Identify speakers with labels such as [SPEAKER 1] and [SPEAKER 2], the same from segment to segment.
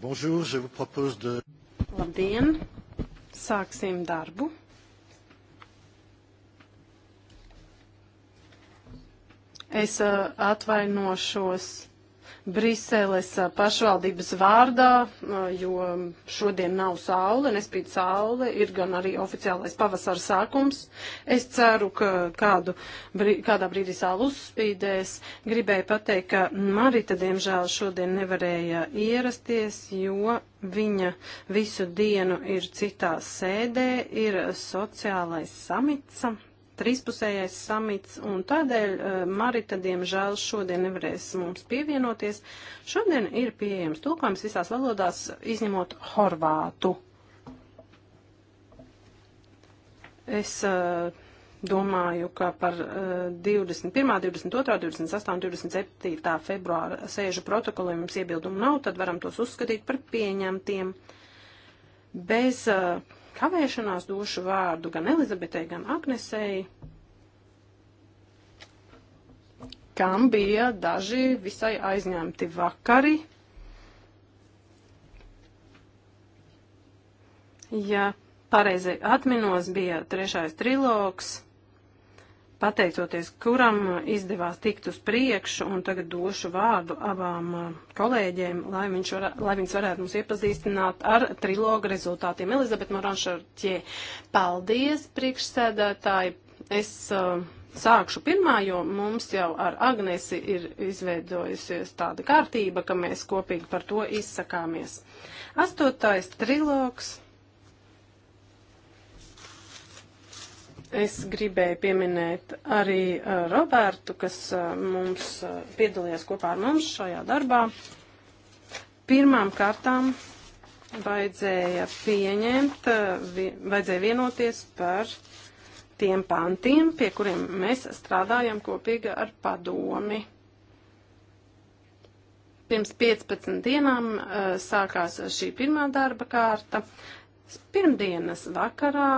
[SPEAKER 1] Bonjour, je vous propose de...
[SPEAKER 2] Labdien, sāksim darbu. Es uh, atvainošos Briseles pašvaldības vārdā, jo šodien nav saule, nespīd saule, ir gan arī oficiālais pavasara sākums. Es ceru, ka kādu, kādā brīdī saule uzspīdēs. Gribēju pateikt, ka Marita, diemžēl, šodien nevarēja ierasties, jo viņa visu dienu ir citā sēdē, ir sociālais samits trispusējais samits, un tādēļ eh, Marita, diemžēl, šodien nevarēs mums pievienoties. Šodien ir pieejams tulkojums visās valodās, izņemot horvātu. Es uh, domāju, ka par uh, 21., 22., 28., 27. februāra sēžu protokolu, ja mums iebildumu nav, tad varam tos uzskatīt par pieņemtiem bez uh, kavēšanās došu vārdu gan Elizabetei, gan Agnesei, kam bija daži visai aizņemti vakari. Ja pareizi atminos, bija trešais trilogs pateicoties kuram izdevās tikt uz priekšu, un tagad došu vārdu abām uh, kolēģiem, lai, var, lai viņas varētu mums iepazīstināt ar trilogu rezultātiem. Elizabete Moranšarķie, paldies priekšsēdētāji. Es uh, sākšu pirmā, jo mums jau ar Agnesi ir izveidojusies tāda kārtība, ka mēs kopīgi par to izsakāmies. Astotais trilogs Es gribēju pieminēt arī uh, Robertu, kas uh, mums uh, piedalījās kopā ar mums šajā darbā. Pirmām kārtām vajadzēja pieņemt, uh, vi, vajadzēja vienoties par tiem pantiem, pie kuriem mēs strādājam kopīgi ar padomi. Pirms 15 dienām uh, sākās šī pirmā darba kārta. Pirmdienas vakarā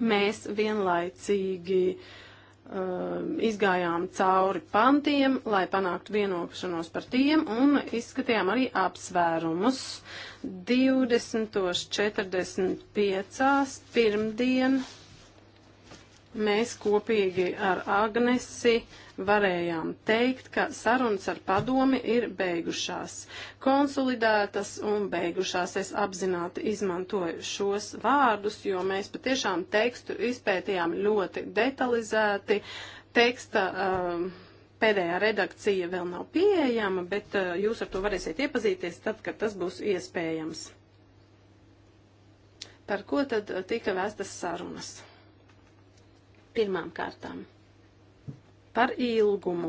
[SPEAKER 2] Mēs vienlaicīgi um, izgājām cauri pantiem, lai panāktu vienošanos par tiem, un izskatījām arī apsvērumus. 20.45. pirmdien mēs kopīgi ar Agnesi varējām teikt, ka sarunas ar padomi ir beigušās, konsolidētas un beigušās. Es apzināti izmantoju šos vārdus, jo mēs patiešām tekstu izpētījām ļoti detalizēti. Teksta um, pēdējā redakcija vēl nav pieejama, bet uh, jūs ar to varēsiet iepazīties tad, kad tas būs iespējams. Par ko tad uh, tika vēstas sarunas? Pirmām kārtām par ilgumu.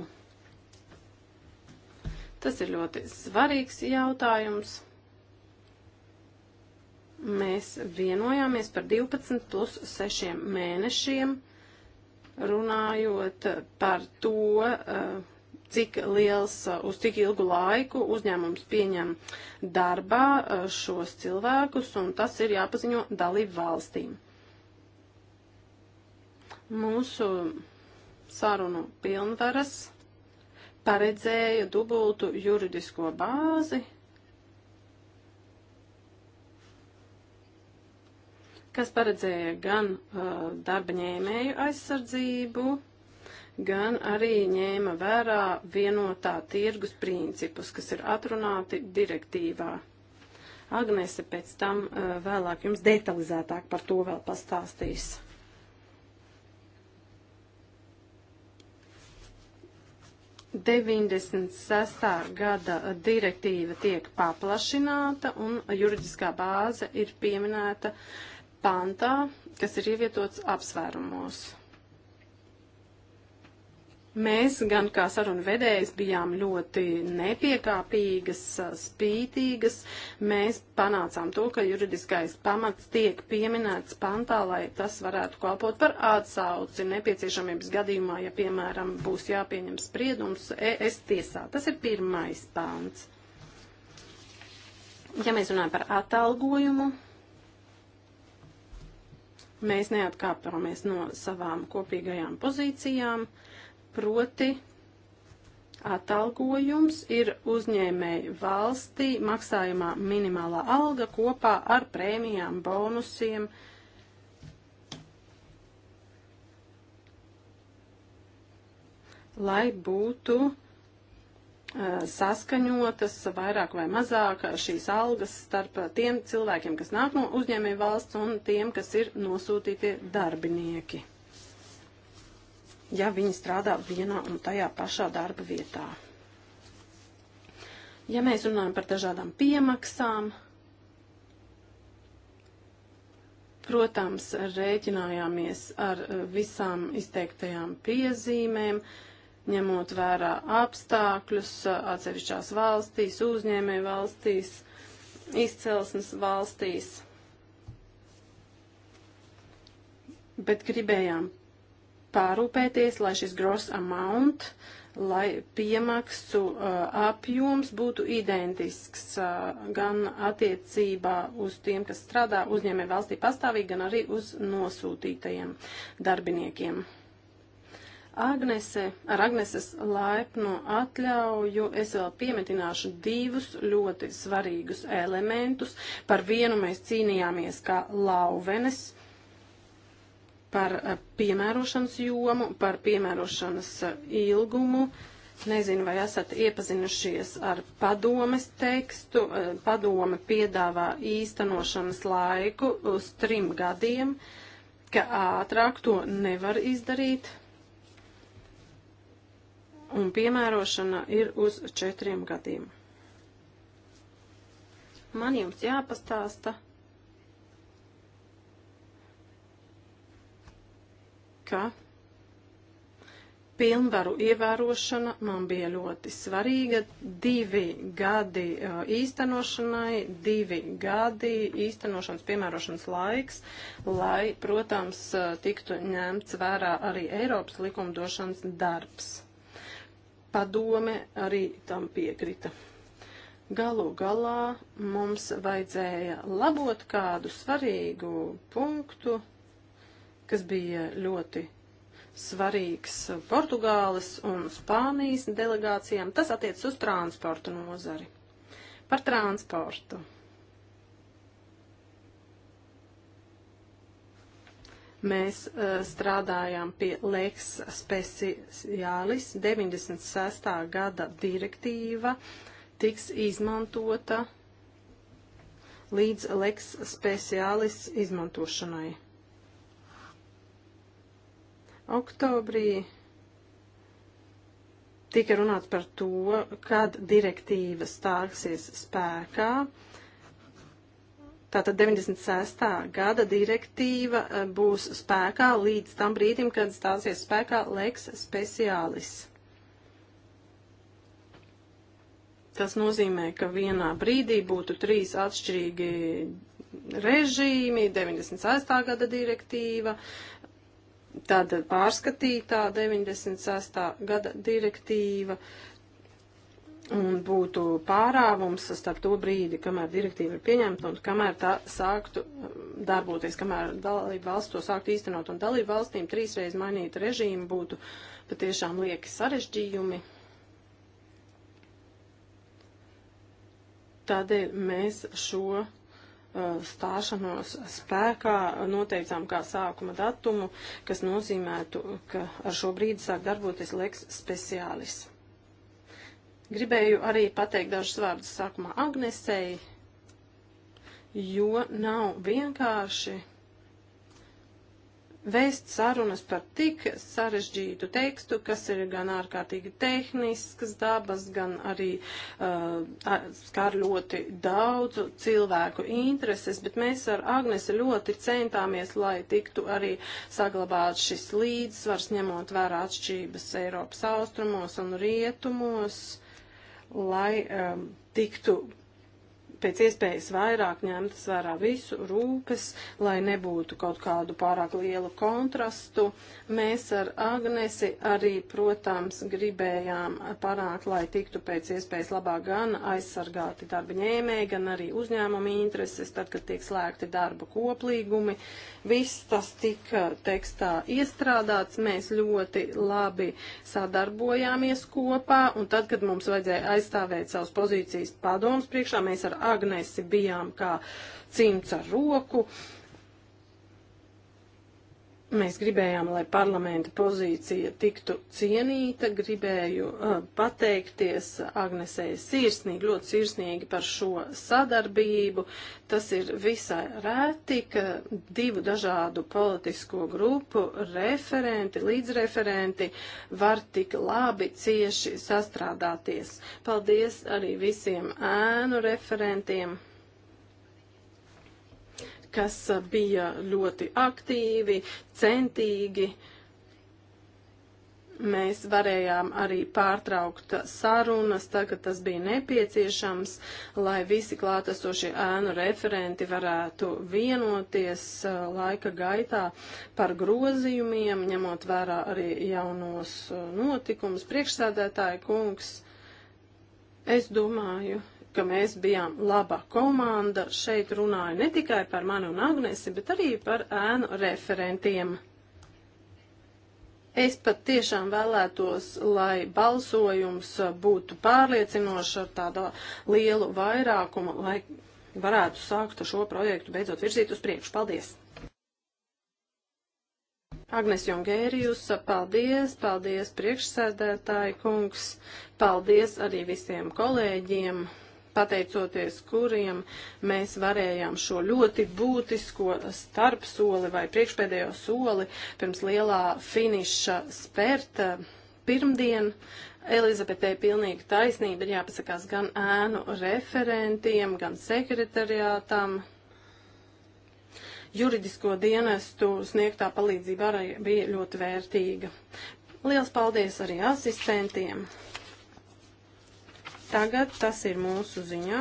[SPEAKER 2] Tas ir ļoti svarīgs jautājums. Mēs vienojāmies par 12 plus 6 mēnešiem, runājot par to, eh, cik liels, eh, uz cik ilgu laiku uzņēmums pieņem darbā eh, šos cilvēkus, un tas ir jāpaziņo dalību valstīm. Mūsu sarunu pilnvaras paredzēja dubultu juridisko bāzi, kas paredzēja gan uh, darba ņēmēju aizsardzību, gan arī ņēma vērā vienotā tirgus principus, kas ir atrunāti direktīvā. Agnese pēc tam uh, vēlāk jums detalizētāk par to vēl pastāstīs. 96. gada direktīva tiek paplašināta un juridiskā bāze ir pieminēta pantā, kas ir ievietots apsvērumos. Mēs gan kā sarunu vedējas bijām ļoti nepiekāpīgas, spītīgas. Mēs panācām to, ka juridiskais pamats tiek pieminēts pantā, lai tas varētu kalpot par atsauci nepieciešamības gadījumā, ja, piemēram, būs jāpieņem spriedums ES tiesā. Tas ir pirmais pants. Ja mēs runājam par atalgojumu, mēs neatkāpāmies no savām kopīgajām pozīcijām. Uh, proti atalgojums ir uzņēmēji valstī maksājumā minimālā alga kopā ar prēmijām, bonusiem. Lai būtu uh, saskaņotas vairāk vai mazāk šīs algas starp tiem cilvēkiem, kas nāk no uzņēmēju valsts un tiem, kas ir nosūtītie darbinieki ja viņi strādā vienā un tajā pašā darba vietā. Ja mēs runājam par dažādām piemaksām, protams, rēķinājāmies ar eh, visām izteiktajām piezīmēm, ņemot vērā apstākļus eh, atsevišķās valstīs, uzņēmē valstīs, izcelsmes valstīs. Bet gribējām pārūpēties, lai šis gross amount, lai piemaksu uh, apjoms būtu identisks uh, gan attiecībā uz tiem, kas strādā uzņēmē valstī pastāvīgi, gan arī uz nosūtītajiem darbiniekiem. Agnese, ar Agneses laipnu atļauju es vēl piemetināšu divus ļoti svarīgus elementus. Par vienu mēs cīnījāmies kā lauvenes, uh, par eh, piemērošanas jomu, par piemērošanas eh, ilgumu. Nezinu, vai esat iepazinušies ar padomes tekstu. Eh, padome piedāvā īstenošanas laiku uz trim gadiem, ka ātrāk to nevar izdarīt. Un piemērošana ir uz četriem gadiem. Man jums jāpastāsta ka pilnvaru ievērošana man bija ļoti svarīga. Divi gadi uh, īstenošanai, divi gadi īstenošanas piemērošanas laiks, lai, protams, uh, tiktu ņemts vērā arī Eiropas likumdošanas darbs. Padome arī tam piekrita. Galu galā mums vajadzēja labot kādu svarīgu punktu, kas bija ļoti svarīgs Portugāles un Spānijas delegācijām. Tas attiecas uz transportu nozari. Par transportu. Mēs uh, strādājām pie Lex Specialis 96. gada direktīva tiks izmantota līdz Lex Specialis izmantošanai. Oktobrī tika runāts par to, kad direktīva stāksies spēkā. Tātad 96. gada direktīva eh, būs spēkā līdz tam brīdim, kad stāsies spēkā leks speciālis. Tas nozīmē, ka vienā brīdī būtu trīs atšķirīgi režīmi, 96. gada direktīva, Tāda pārskatītā 96. gada direktīva un būtu pārāvums starp to brīdi, kamēr direktīva ir pieņemta un kamēr tā sāktu um, darboties, kamēr dalība valsts to sāktu īstenot. Un dalība valstīm trīsreiz mainīt režīmu būtu patiešām lieki sarežģījumi. Tādēļ mēs šo Uh, stāšanos spēkā noteicām kā sākuma datumu, kas nozīmētu, ka ar šo brīdi sāk darboties leks speciālis. Gribēju arī pateikt dažus vārdus sākumā Agnesei, jo nav vienkārši vēst sarunas par tik sarežģītu tekstu, kas ir gan ārkārtīgi tehnisks dabas, gan arī uh, skar ļoti daudzu cilvēku intereses, bet mēs ar Agnesi ļoti centāmies, lai tiktu arī saglabāt šis līdzsvars, ņemot vērā atšķības Eiropas austrumos un rietumos, lai um, tiktu pēc iespējas vairāk ņemtas vērā visu rūpes, lai nebūtu kaut kādu pārāk lielu kontrastu. Mēs ar Agnesi arī, protams, gribējām panākt, lai tiktu pēc iespējas labāk gan aizsargāti darba ņēmēji, gan arī uzņēmumi intereses, tad, kad tiek slēgti darba koplīgumi. Viss tas tika tekstā iestrādāts, mēs ļoti labi sadarbojāmies kopā, un tad, kad mums vajadzēja aizstāvēt savas pozīcijas padomus priekšā, mēs ar Agnesi bijām kā cimts ar roku. Uh, Mēs gribējām, lai parlamenta pozīcija tiktu cienīta, gribēju uh, pateikties Agnesei sirsnīgi, ļoti sirsnīgi par šo sadarbību. Tas ir visai rēti, ka divu dažādu politisko grupu referenti, līdzreferenti var tik labi cieši sastrādāties. Paldies arī visiem ēnu referentiem kas bija ļoti aktīvi, centīgi. Mēs varējām arī pārtraukt sarunas, tagad tas bija nepieciešams, lai visi klātesošie ēnu referenti varētu vienoties laika gaitā par grozījumiem, ņemot vērā arī jaunos notikumus. Priekšsēdētāja kungs, es domāju, ka mēs bijām laba komanda. Šeit runāju ne tikai par mani un Agnesi, bet arī par ēnu referentiem. Es pat tiešām vēlētos, lai balsojums būtu pārliecinošs ar tādu lielu vairākumu, lai varētu sākt šo projektu beidzot virzīt uz priekšu. Paldies! Agnes Jungērijus, paldies, paldies priekšsēdētāji kungs, paldies arī visiem kolēģiem pateicoties kuriem mēs varējām šo ļoti būtisko starpsoli vai priekšpēdējo soli pirms lielā finiša spērt eh, pirmdien. Elizabetei pilnīgi taisnība ir jāpasakās gan ēnu referentiem, gan sekretariātam. Juridisko dienestu sniegtā palīdzība arī bija ļoti vērtīga. Liels paldies arī asistentiem! Tagad tas ir mūsu ziņā.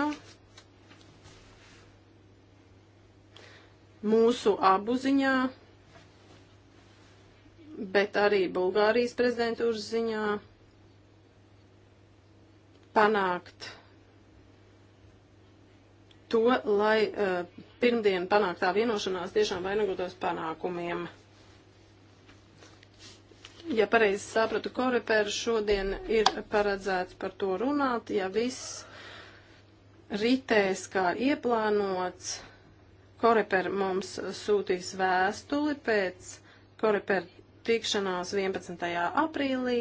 [SPEAKER 2] Mūsu abu ziņā, bet arī Bulgārijas prezidentūras ziņā panākt to, lai uh, pirmdien panāktā vienošanās tiešām vainagotos panākumiem ja pareizi sapratu, koreperu šodien ir paredzēts par to runāt, ja viss ritēs kā ieplānots, koreper mums sūtīs vēstuli pēc koreper tikšanās 11. aprīlī.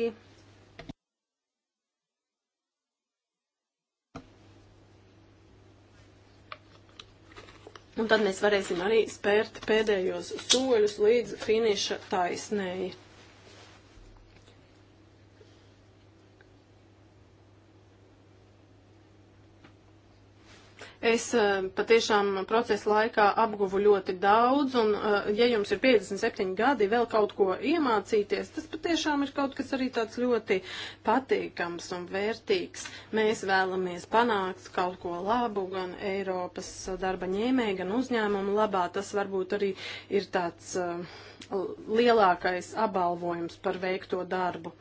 [SPEAKER 2] Un tad mēs varēsim arī spērt pēdējos soļus līdz finiša taisnēji. Es eh, patiešām procesa laikā apguvu ļoti daudz, un eh, ja jums ir 57 gadi vēl kaut ko iemācīties, tas patiešām ir kaut kas arī tāds ļoti patīkams un vērtīgs. Mēs vēlamies panākt kaut ko labu gan Eiropas darba ņēmēja, gan uzņēmumu labā. Tas varbūt arī ir tāds eh, lielākais apbalvojums par veikto darbu.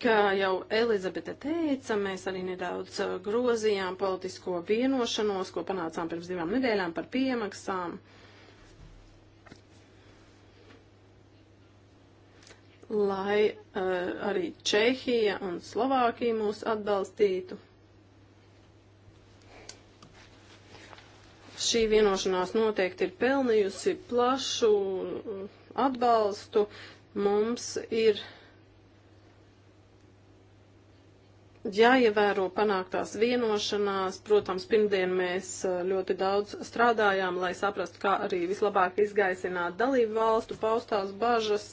[SPEAKER 2] Kā jau Elizabete teica, mēs arī nedaudz uh, grozījām politisko vienošanos, ko panācām pirms divām nedēļām par piemaksām. Lai uh, arī Čehija un Slovākija mūs atbalstītu. Šī vienošanās noteikti ir pelnījusi plašu atbalstu. Mums ir uh, jāievēro panāktās vienošanās. Protams, pirmdien mēs eh, ļoti daudz strādājām, lai saprastu, kā arī vislabāk izgaisināt dalību valstu paustās bažas,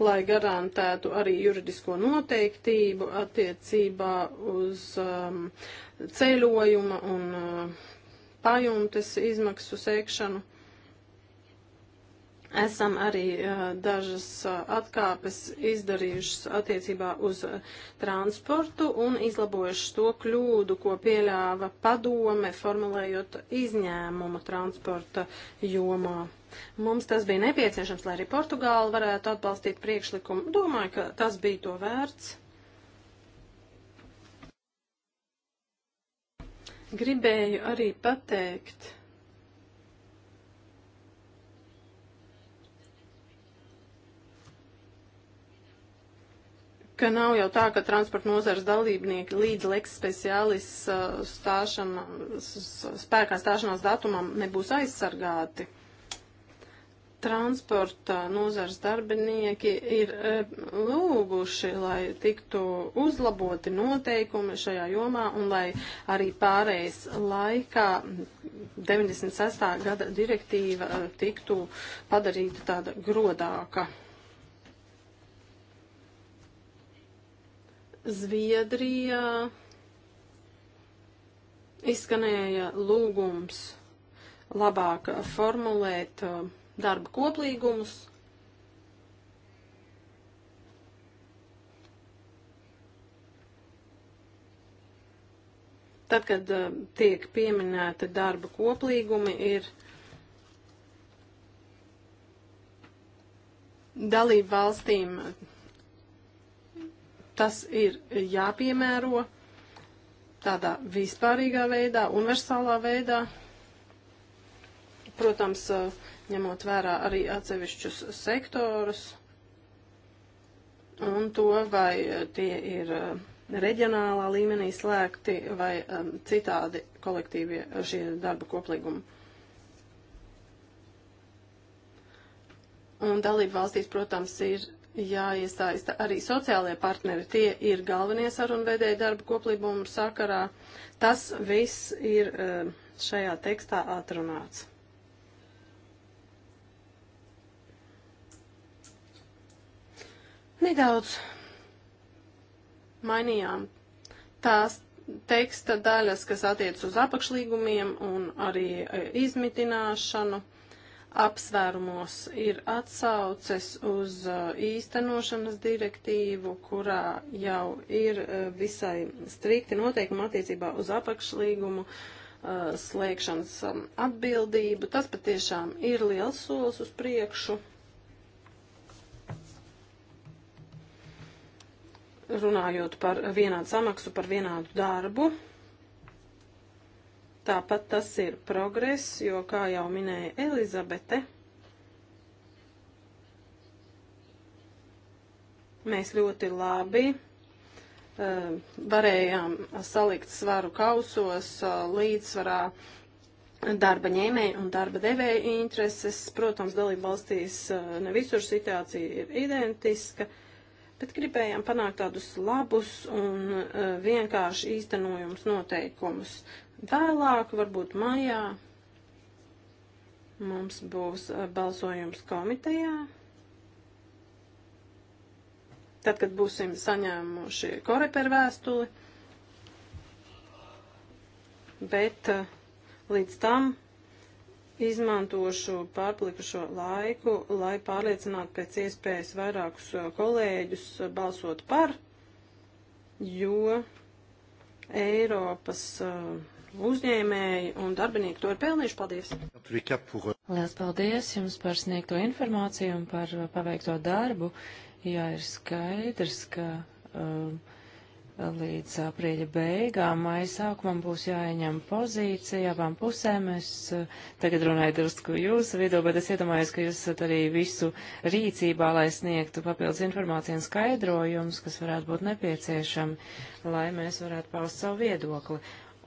[SPEAKER 2] lai garantētu arī juridisko noteiktību attiecībā uz um, ceļojuma un uh, pajumtes izmaksu sekšanu esam arī uh, dažas uh, atkāpes izdarījušas attiecībā uz uh, transportu un izlabojuši to kļūdu, ko pieļāva padome, formulējot izņēmumu transporta jomā. Mums tas bija nepieciešams, lai arī Portugāla varētu atbalstīt priekšlikumu. Domāju, ka tas bija to vērts. Gribēju arī pateikt ka nav jau tā, ka transporta nozars dalībnieki līdz leks speciālis uh, stāšam, spēkā stāšanās datumam nebūs aizsargāti. Transporta nozars darbinieki ir uh, lūguši, lai tiktu uzlaboti noteikumi šajā jomā un lai arī pārējais laikā 96. gada direktīva uh, tiktu padarīta tāda grodāka. Zviedrijā izskanēja lūgums labāk formulēt uh, darba koplīgumus. Tad, kad uh, tiek pieminēta darba koplīgumi, ir dalību valstīm tas ir jāpiemēro tādā vispārīgā veidā, universālā veidā. Protams, ņemot vērā arī atsevišķus sektorus un to, vai tie ir reģionālā līmenī slēgti vai um, citādi kolektīvie šie darba koplīgumi. Un dalību valstīs, protams, ir jāiesaista arī sociālie partneri. Tie ir galvenie sarunvedēji darba koplībumu sakarā. Tas viss ir eh, šajā tekstā atrunāts. Nedaudz mainījām tās teksta daļas, kas attiec uz apakšlīgumiem un arī eh, izmitināšanu apsvērumos ir atsauces uz uh, īstenošanas direktīvu, kurā jau ir uh, visai strikti noteikumi attiecībā uz apakšlīgumu uh, slēgšanas um, atbildību. Tas patiešām ir liels solis uz priekšu. Runājot par vienādu samaksu, par vienādu darbu, Tāpat tas ir progress, jo, kā jau minēja Elizabete, mēs ļoti labi uh, varējām salikt svaru kausos uh, līdzsvarā darba ņēmēja un darba devēja intereses. Protams, dalība valstīs uh, ne visur situācija ir identiska. Uh, bet gribējām panākt tādus labus un uh, vienkārši īstenojums noteikumus. Vēlāk, varbūt maijā, mums būs uh, balsojums komitejā. Tad, kad būsim saņēmuši koreperu vēstuli, bet uh, līdz tam Izmantošu pārplikušo laiku, lai pārliecinātu pēc iespējas vairākus uh, kolēģus uh, balsot par, jo Eiropas uh, uzņēmēji un darbinieki to ir pelnījuši. Paldies!
[SPEAKER 1] Euh, Lielas paldies jums par sniegto informāciju un par paveikto darbu. Jā, ir skaidrs, ka um, līdz aprīļa beigām, maija sākumam būs jāieņem pozīcija abām pusēm. Es eh, tagad runāju drusku jūsu vidū, bet es iedomājos, ka jūs esat arī visu rīcībā, lai sniegtu papildus informāciju un skaidrojumus, kas varētu būt nepieciešami, lai mēs varētu paust savu viedokli.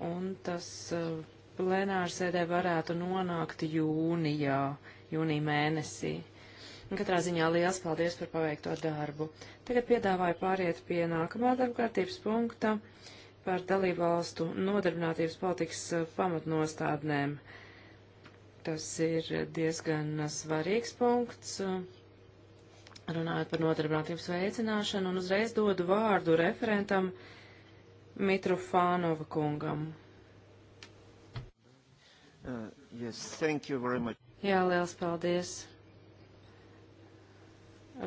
[SPEAKER 1] Un tas eh, plenārsēdē varētu nonākt jūnijā, jūnija mēnesī. Katrā ziņā liels paldies par paveikto darbu. Tagad piedāvāju pāriet pie nākamā darba kārtības punkta par dalību valstu nodarbinātības politikas uh, pamatnostādnēm. Tas ir diezgan uh, svarīgs punkts, uh, runājot par nodarbinātības veicināšanu, un uzreiz dodu vārdu referentam Mitrofānova kungam. Uh, yes, Jā, liels paldies.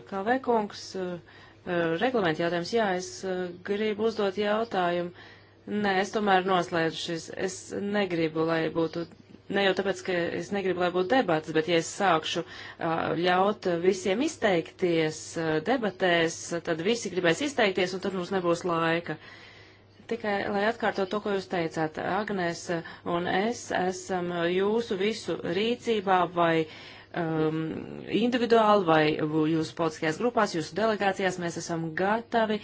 [SPEAKER 1] Kalvēkungs, eh, eh, reglamenta jautājums, jā, es eh, gribu uzdot jautājumu. Nē, es tomēr noslēdzu šis. Es negribu, lai būtu ne jau tāpēc, ka es negribu, lai būtu debatas, bet ja es sākšu ļaut visiem izteikties debatēs, tad visi gribēs izteikties, un tad mums nebūs laika. Tikai, lai atkārtot to, ko jūs teicāt, Agnēs un es esam jūsu visu rīcībā vai uh, um, individuāli vai jūsu politiskajās grupās, jūsu delegācijās. Mēs esam gatavi,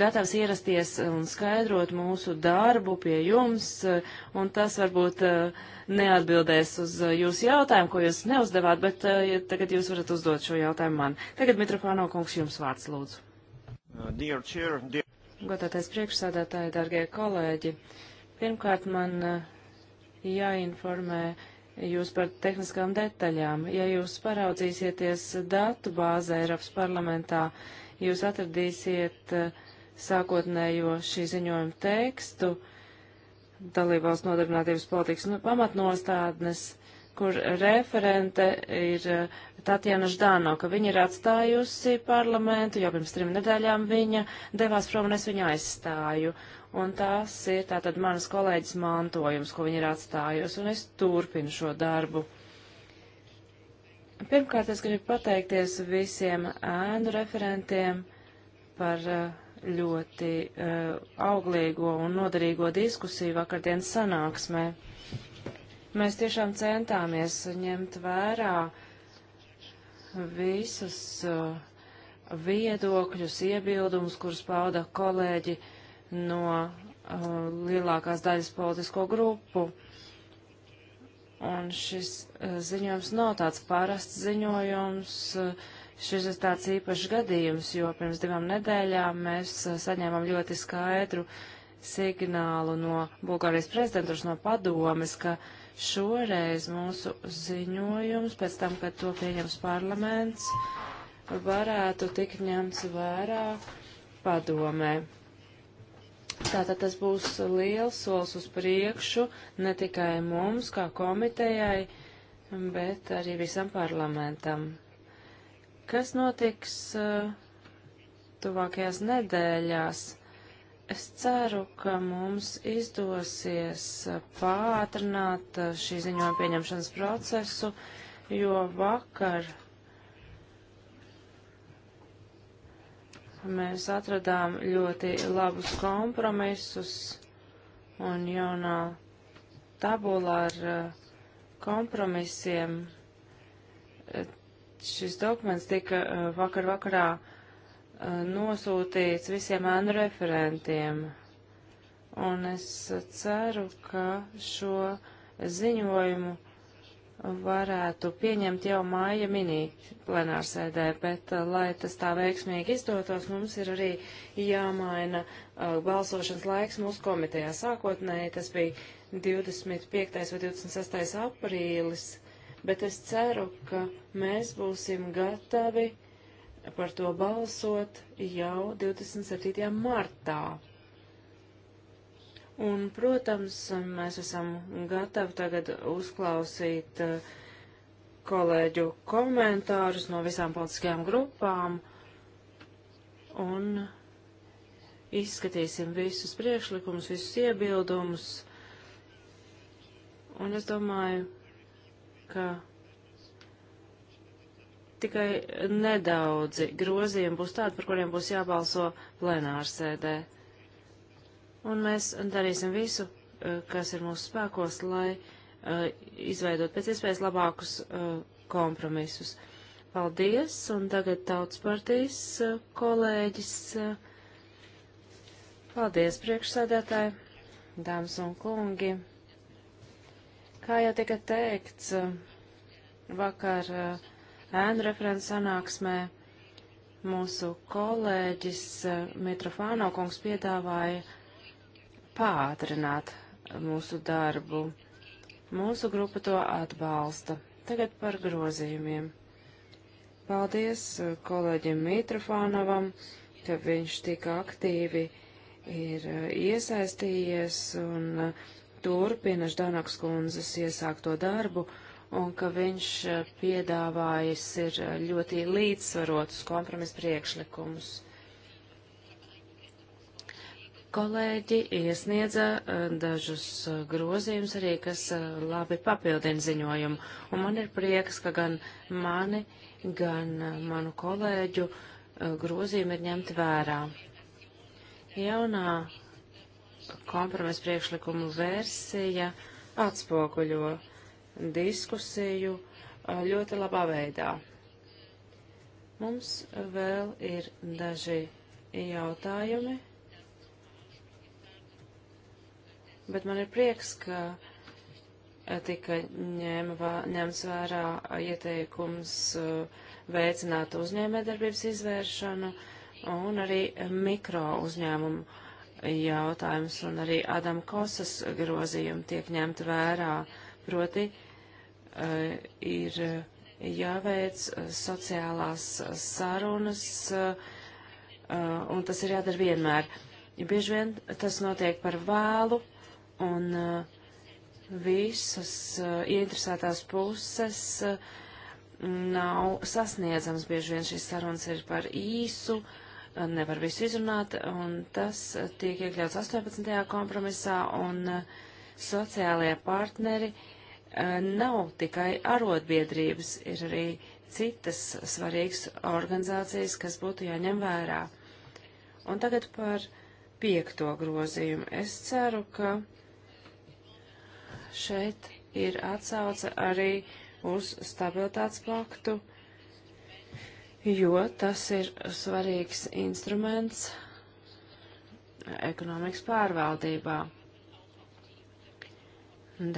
[SPEAKER 1] gatavs ierasties un skaidrot mūsu darbu pie jums, uh, un tas varbūt uh, neatbildēs uz uh, jūsu jautājumu, ko jūs neuzdevāt, bet uh, tagad jūs varat uzdot šo jautājumu man. Tagad Mitrofāno kungs jums vārds lūdzu.
[SPEAKER 2] Uh, dear chair, dear...
[SPEAKER 1] Godātais priekšsādātāji, dargie kolēģi, pirmkārt man uh, jāinformē jūs par tehniskām detaļām. Ja jūs paraudzīsieties datu bāzē Eiropas parlamentā, jūs atradīsiet eh, sākotnējo šī ziņojuma tekstu dalībvalsts nodarbinātības politikas nu, pamatnostādnes, kur referente ir eh, Tatjana Ždāno, ka viņa ir atstājusi parlamentu, jo pirms trim nedēļām viņa devās prom un es viņu aizstāju un tās ir tātad manas kolēģis mantojums, ko viņi ir atstājusi, un es turpinu šo darbu. Pirmkārt, es gribu pateikties visiem ēnu referentiem par eh, ļoti uh, auglīgo un noderīgo diskusiju vakardienas sanāksmē. Mēs tiešām centāmies ņemt vērā visus uh, viedokļus, iebildumus, kurus pauda kolēģi uh, no uh, lielākās daļas politisko grupu. Un šis uh, ziņojums nav tāds parasts ziņojums, uh, šis ir tāds īpašs gadījums, jo pirms divām nedēļām mēs uh, saņēmām ļoti skaidru signālu no Bulgārijas prezidentūras, no padomes, ka šoreiz mūsu ziņojums, pēc tam, kad to pieņems parlaments, varētu tikt ņemts vērā padomē. Tātad tas būs liels solis uz priekšu ne tikai mums kā komitejai, bet arī visam parlamentam. Kas notiks uh, tuvākajās nedēļās? Es ceru, ka mums izdosies pātrināt eh, šī ziņojuma pieņemšanas procesu, jo vakar mēs atradām ļoti labus kompromisus un jaunā tabula ar eh, kompromisiem. Eh, šis dokuments tika eh, vakar vakarā nosūtīts visiem ēnu referentiem. Un es ceru, ka šo ziņojumu varētu pieņemt jau māja minī plenārsēdē, bet, uh, lai tas tā veiksmīgi izdotos, mums ir arī jāmaina uh, balsošanas laiks mūsu komitejā. Sākotnēji tas bija 25. vai 26. aprīlis, bet es ceru, ka mēs būsim gatavi par to balsot jau 27. martā. Un, protams, mēs esam gatavi tagad uzklausīt eh, kolēģu komentārus no visām politiskajām grupām un izskatīsim visus priekšlikumus, visus iebildumus. Un es domāju, ka tikai nedaudzi grozījumi būs tādi, par kuriem būs jābalso plenārsēdē. sēdē un mēs darīsim visu, eh, kas ir mūsu spēkos, lai eh, izveidot pēc iespējas labākus eh, kompromisus. Paldies, un tagad tautas partijas kolēģis. Paldies, priekšsēdētāji, dāmas un kungi. Kā jau tika teikts, vakar ēnu referents sanāksmē mūsu kolēģis Mitrofāno kungs piedāvāja pātrināt mūsu darbu. Mūsu grupa to atbalsta. Tagad par grozījumiem. Paldies uh, kolēģim Mitrofānovam, ka viņš tik aktīvi ir uh, iesaistījies un uh, turpina Ždanakas kundzes iesākto darbu un ka viņš piedāvājis ir ļoti līdzsvarotus kompromisu priekšlikumus. Kolēģi iesniedza eh, dažus eh, grozījumus arī, kas eh, labi papildina ziņojumu, un man ir prieks, ka gan mani, gan manu kolēģu grozījumi ir ņemti vērā. Jaunā kompromisa priekšlikumu versija atspoguļo diskusiju ļoti labā veidā. Mums vēl ir daži jautājumi, bet man ir prieks, ka eh, tika ņēma, ņemts vērā eh, ieteikums eh, veicināt uzņēmējdarbības izvēršanu un arī mikro uzņēmumu jautājums un arī Adam Kosas grozījumi tiek ņemti vērā, proti uh, ir jāveic sociālās sarunas, uh, un tas ir jādara vienmēr. Ja bieži vien tas notiek par vēlu, un uh, visas uh, ieinteresētās puses uh, nav sasniedzams. Bieži vien šīs sarunas ir par īsu, nevar visu izrunāt, un tas tiek iekļauts 18. kompromisā, un sociālajie partneri nav tikai arotbiedrības, ir arī citas svarīgas organizācijas, kas būtu jāņem vērā. Un tagad par piekto grozījumu. Es ceru, ka Šeit ir atsauce arī uz stabilitātes paktu, jo tas ir svarīgs instruments ekonomikas pārvaldībā.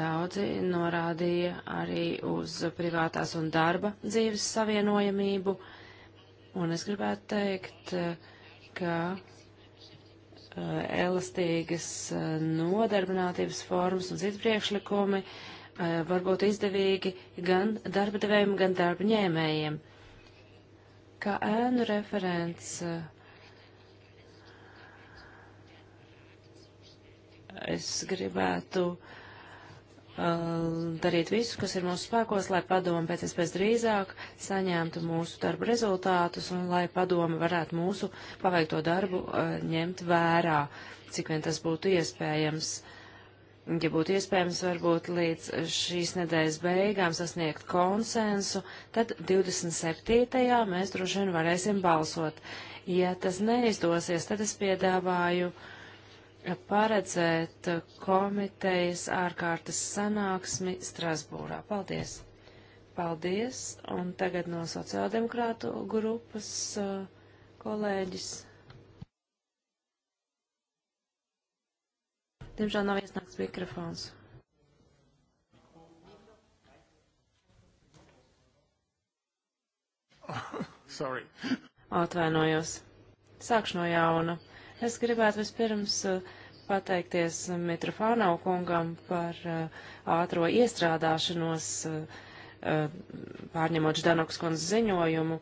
[SPEAKER 1] Daudzi norādīja arī uz privātās un darba dzīves savienojamību, un es gribētu teikt, ka Eh, elastīgas eh, nodarbinātības formas un citas priekšlikumi eh, var būt izdevīgi gan darba devējiem, gan darba ņēmējiem. Kā ēnu referents es gribētu uh, darīt visu, kas ir mūsu spēkos, lai padoma pēc iespējas drīzāk saņemtu mūsu darbu rezultātus un lai padoma varētu mūsu paveikto darbu ņemt vērā, cik vien tas būtu iespējams. Ja būtu iespējams varbūt līdz šīs nedēļas beigām sasniegt konsensu, tad 27. mēs droši vien varēsim balsot. Ja tas neizdosies, tad es piedāvāju uh, paredzēt komitejas ārkārtas sanāksmi Strasbūrā. Paldies! Paldies! Un tagad no sociāldemokrātu grupas uh, kolēģis. Diemžēl nav iesnāks mikrofons.
[SPEAKER 2] Sorry.
[SPEAKER 1] Atvainojos. Sākšu no jauna. Es gribētu vispirms uh, pateikties Mitrofānau kungam par uh, ātro iestrādāšanos, uh, pārņemot Ždanoks kundzes ziņojumu.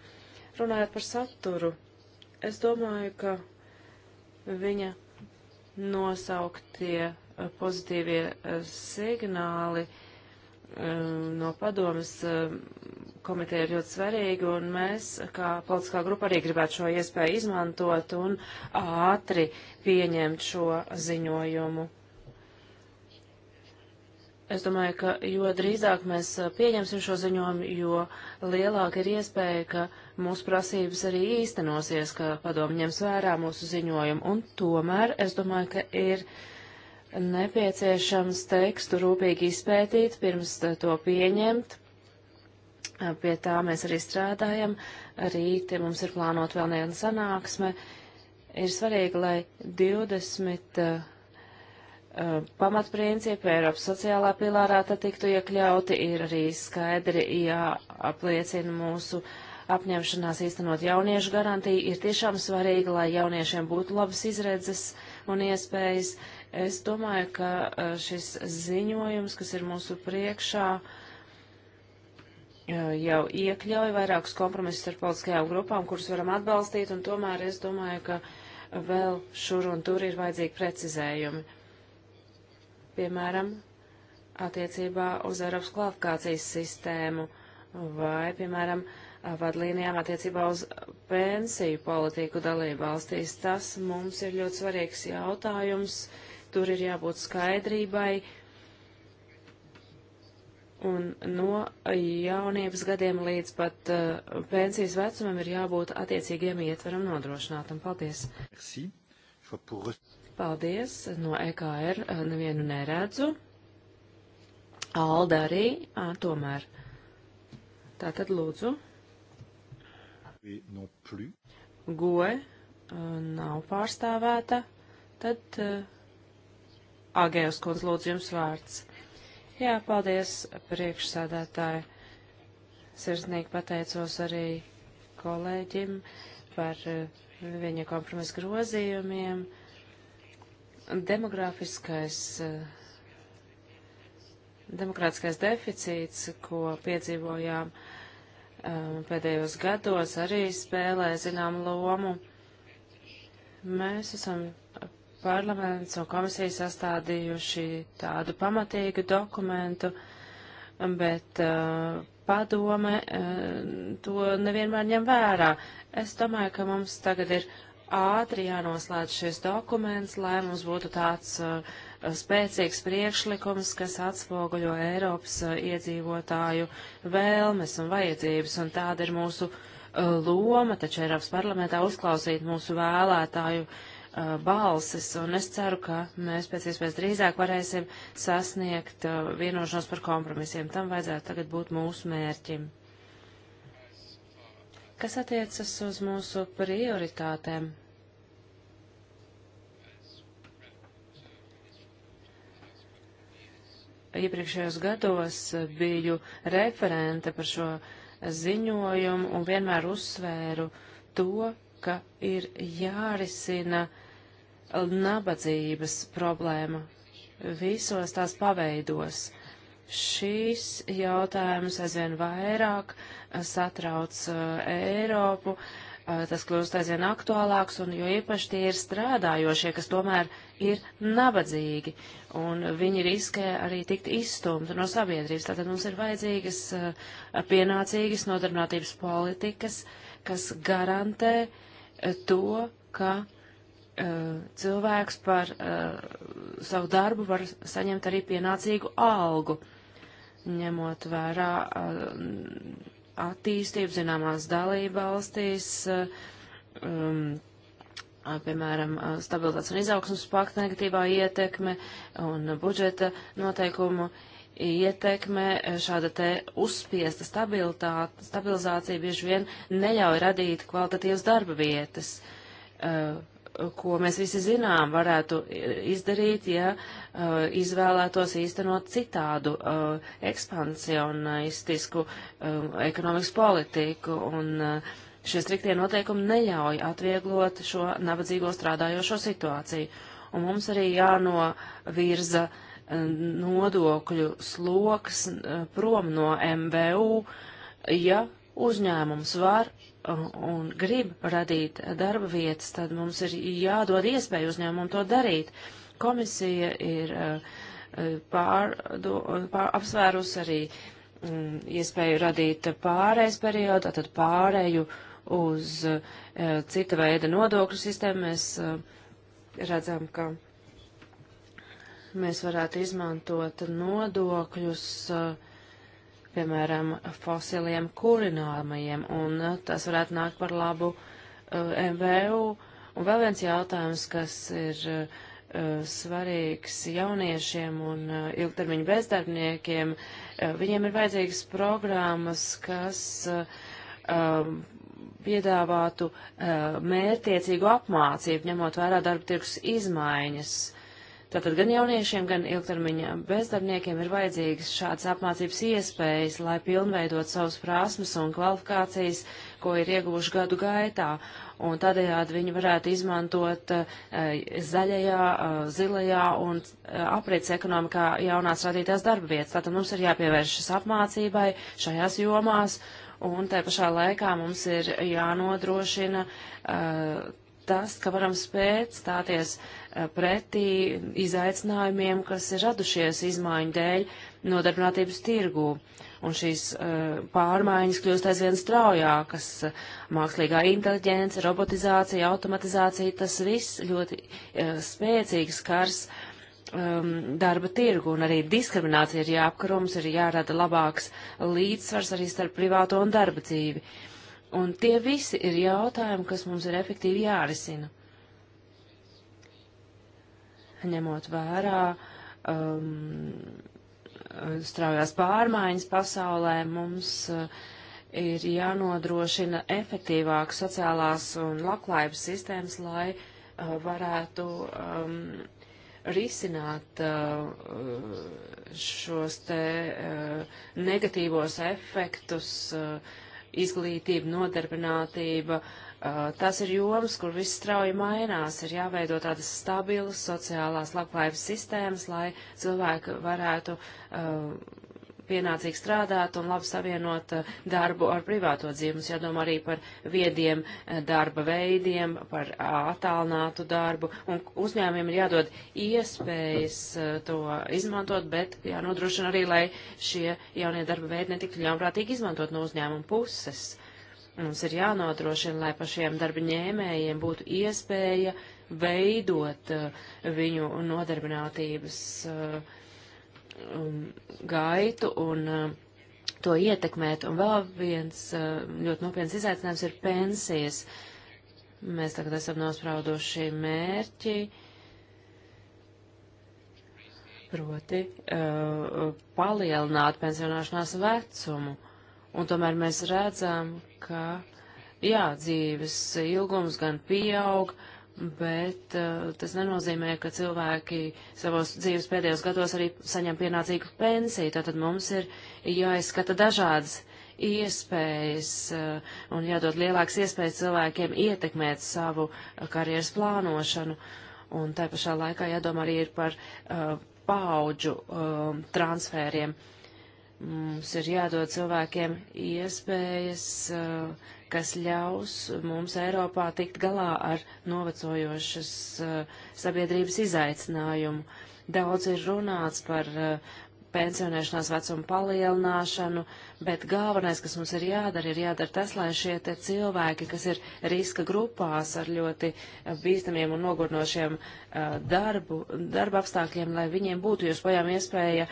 [SPEAKER 1] Runājot par saturu, es domāju, ka viņa nosauktie pozitīvie signāli no padomas komiteja ir ļoti svarīga, un mēs, kā politiskā grupa, arī gribētu šo iespēju izmantot un ātri pieņemt šo ziņojumu. Es domāju, ka jo drīzāk mēs pieņemsim šo ziņojumu, jo lielāka ir iespēja, ka mūsu prasības arī īstenosies, ka padomu ņems vērā mūsu ziņojumu. Un tomēr es domāju, ka ir nepieciešams tekstu rūpīgi izpētīt, pirms to pieņemt, Pie tā mēs arī strādājam. Rīt mums ir plānot vēl viena sanāksme. Ir svarīgi, lai 20 uh, pamatprincipi Eiropas sociālā pilārā tad tiktu iekļauti. Ir arī skaidri jāapliecina mūsu apņemšanās īstenot jauniešu garantiju. Ir tiešām svarīgi, lai jauniešiem būtu labas izredzes un iespējas. Es domāju, ka šis ziņojums, kas ir mūsu priekšā, uh, Uh, jau iekļauj vairākus kompromisus ar politiskajām grupām, kurus varam atbalstīt, un tomēr es domāju, ka vēl šur un tur ir vajadzīgi precizējumi. Piemēram, attiecībā uz Eiropas kvalifikācijas sistēmu vai, piemēram, vadlīnijām attiecībā uz pensiju politiku dalību valstīs. Tas mums ir ļoti svarīgs jautājums. Tur ir jābūt skaidrībai Un no jaunības gadiem līdz pat uh, pensijas vecumam ir jābūt attiecīgiem ietveram nodrošinātam. Paldies! Paldies! No EKR uh, nevienu neredzu. Alda arī, à, tomēr. Tātad lūdzu. Goe uh, nav pārstāvēta. Tad uh, Agējos kundz lūdzu jums vārds. Jā, paldies, priekšsādātāji. Sirsnīgi pateicos arī kolēģim par eh, viņa kompromisu grozījumiem. Demografiskais, eh, demokrātiskais deficīts, ko piedzīvojām eh, pēdējos gados, arī spēlē zinām lomu. Mēs esam parlaments un komisija sastādījuši tādu pamatīgu dokumentu, bet uh, padome uh, to nevienmēr ņem vērā. Es domāju, ka mums tagad ir ātri jānoslēdz šis dokuments, lai mums būtu tāds uh, spēcīgs priekšlikums, kas atspoguļo Eiropas uh, iedzīvotāju vēlmes un vajadzības, un tāda ir mūsu uh, loma, taču Eiropas parlamentā uzklausīt mūsu vēlētāju uh, uh, balsis, un es ceru, ka mēs pēc iespējas drīzāk varēsim sasniegt uh, vienošanos par kompromisiem. Tam vajadzētu tagad būt mūsu mērķim. Kas attiecas uz mūsu prioritātēm? iepriekšējos gados uh, biju referente par šo ziņojumu un vienmēr uzsvēru to, ka ir jārisina nabadzības problēma visos tās paveidos. Šīs jautājums aizvien vairāk satrauc uh, Eiropu, uh, tas kļūst aizvien aktuālāks, un jo īpaši tie ir strādājošie, kas tomēr ir nabadzīgi, un viņi riskē arī tikt izstumti no sabiedrības. Tātad mums ir vajadzīgas uh, pienācīgas nodarbinātības politikas, kas garantē uh, to, ka eh, cilvēks par eh, savu darbu var saņemt arī pienācīgu algu, ņemot vērā eh, attīstību zināmās dalībvalstīs, um, piemēram, stabilitātes un izaugsmas pakta negatīvā ietekme un budžeta noteikumu ietekme, eh, šāda te uzspiesta stabilizācija bieži vien neļauj radīt kvalitatīvas darba vietas, eh, ko mēs visi zinām varētu eh, izdarīt, ja izvēlētos īstenot citādu ekspansionistisku ekonomikas politiku. Un, Šie striktie noteikumi neļauj atvieglot šo nabadzīgo strādājošo situāciju. Un mums arī jānovirza uh, nodokļu sloks eh, prom no MVU, ja uzņēmums var uh, un grib radīt darba vietas, tad mums ir jādod iespēju uzņēmumam to darīt. Komisija ir eh, eh, pārdo, pār, apsvērus arī m, mm, iespēju radīt pārējais periodu, tad pārēju uz m, cita veida nodokļu sistēmu. Mēs m, redzam, ka mēs varētu izmantot nodokļus, eh, piemēram, fosiliem kurināmajiem, un eh, tas varētu nākt par labu eh, MVU. Un vēl viens jautājums, kas ir svarīgs jauniešiem un ilgtermiņu bezdarbniekiem, viņiem ir vajadzīgas programmas, kas um, piedāvātu mērtiecīgu apmācību, ņemot vērā darba tirgus izmaiņas Tātad gan jauniešiem, gan ilgtermiņā bezdarbniekiem ir vajadzīgas šādas apmācības iespējas, lai pilnveidot savus prasmes un kvalifikācijas, ko ir ieguvuši gadu gaitā, un tādējādi viņi varētu izmantot uh, zaļajā, uh, zilajā un uh, aprits ekonomikā jaunās radītās darba vietas. Tātad mums ir jāpievēršas apmācībai šajās jomās, un tai pašā laikā mums ir jānodrošina tas, ka varam spēt stāties uh, pretī izaicinājumiem, kas ir radušies izmaiņu dēļ nodarbinātības tirgū. Un šīs uh, pārmaiņas kļūst aizvien straujākas. Mākslīgā inteliģence, robotizācija, automatizācija, tas viss ļoti uh, spēcīgi skars um, darba tirgu. Un arī diskriminācija ir jāapkaro, mums ir jārada labāks līdzsvars arī starp privāto un darba dzīvi. Un tie visi ir jautājumi, kas mums ir efektīvi jārisina ņemot vērā um, straujās pārmaiņas pasaulē, mums uh, ir jānodrošina efektīvāk sociālās un labklājības sistēmas, lai uh, varētu um, risināt uh, šos te uh, negatīvos efektus, uh, izglītība, nodarbinātība, uh, Uh, tās ir jomas, kur viss strauji mainās, ir jāveido tādas stabilas sociālās labklājības sistēmas, lai cilvēki varētu uh, pienācīgi strādāt un labi savienot uh, darbu ar privāto dzīvi. Mums jādomā arī par viediem uh, darba veidiem, par uh, attālinātu darbu, un uzņēmiem ir jādod iespējas uh, to izmantot, bet jānodrošina arī, lai šie jaunie darba veidi netiktu ļaunprātīgi izmantot no uzņēmuma puses. Uh, Mums ir jānodrošina, lai pašiem darba ņēmējiem būtu iespēja veidot uh, viņu nodarbinātības uh, um, gaitu un uh, to ietekmēt. Un vēl viens uh, ļoti nopietns izaicinājums ir pensijas. Mēs tagad esam nospraudoši mērķi, proti uh, palielināt pensionāšanās vecumu un tomēr mēs redzam, ka, jā, dzīves ilgums gan pieaug, bet uh, tas nenozīmē, ka cilvēki savos dzīves pēdējos gados arī saņem pienācīgu pensiju. Tātad mums ir jāizskata dažādas iespējas uh, un jādod lielākas iespējas cilvēkiem ietekmēt savu eh, karjeras plānošanu. Un tā pašā laikā jādomā arī ir par uh, paudžu uh, transfēriem. Uh, Mums ir jādod cilvēkiem iespējas, eh, kas ļaus mums Eiropā tikt galā ar novecojošas eh, sabiedrības izaicinājumu. Daudz ir runāts par eh, pensionēšanās vecumu palielināšanu, bet galvenais, kas mums ir jādara, ir jādara tas, lai šie te cilvēki, kas ir riska grupās ar ļoti bīstamiem un nogurnošiem darbu, darba apstākļiem, lai viņiem būtu joprojām iespēja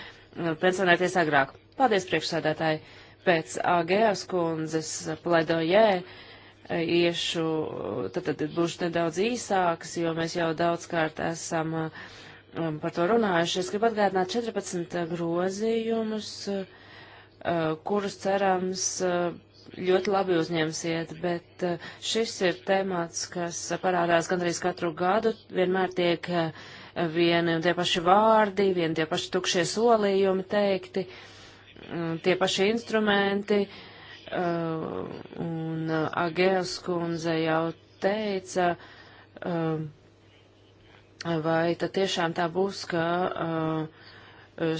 [SPEAKER 1] pensionēties agrāk. Paldies, priekšsēdētāji. Pēc AGS kundzes pledojē eh, iešu, tad, tad būšu nedaudz īsāks, jo mēs jau daudzkārt esam eh, um, par to runājuši. Es gribu atgādināt 14 eh, grozījumus, kurus cerams ļoti labi uzņemsiet, bet šis ir temats, kas parādās gandrīz katru gadu. Vienmēr tiek vieni un tie paši vārdi, vieni tie paši tukšie solījumi teikti. Uh, Eh, tie paši instrumenti, eh, un eh, Agēls kundze jau teica, vai tad tiešām tā būs, ka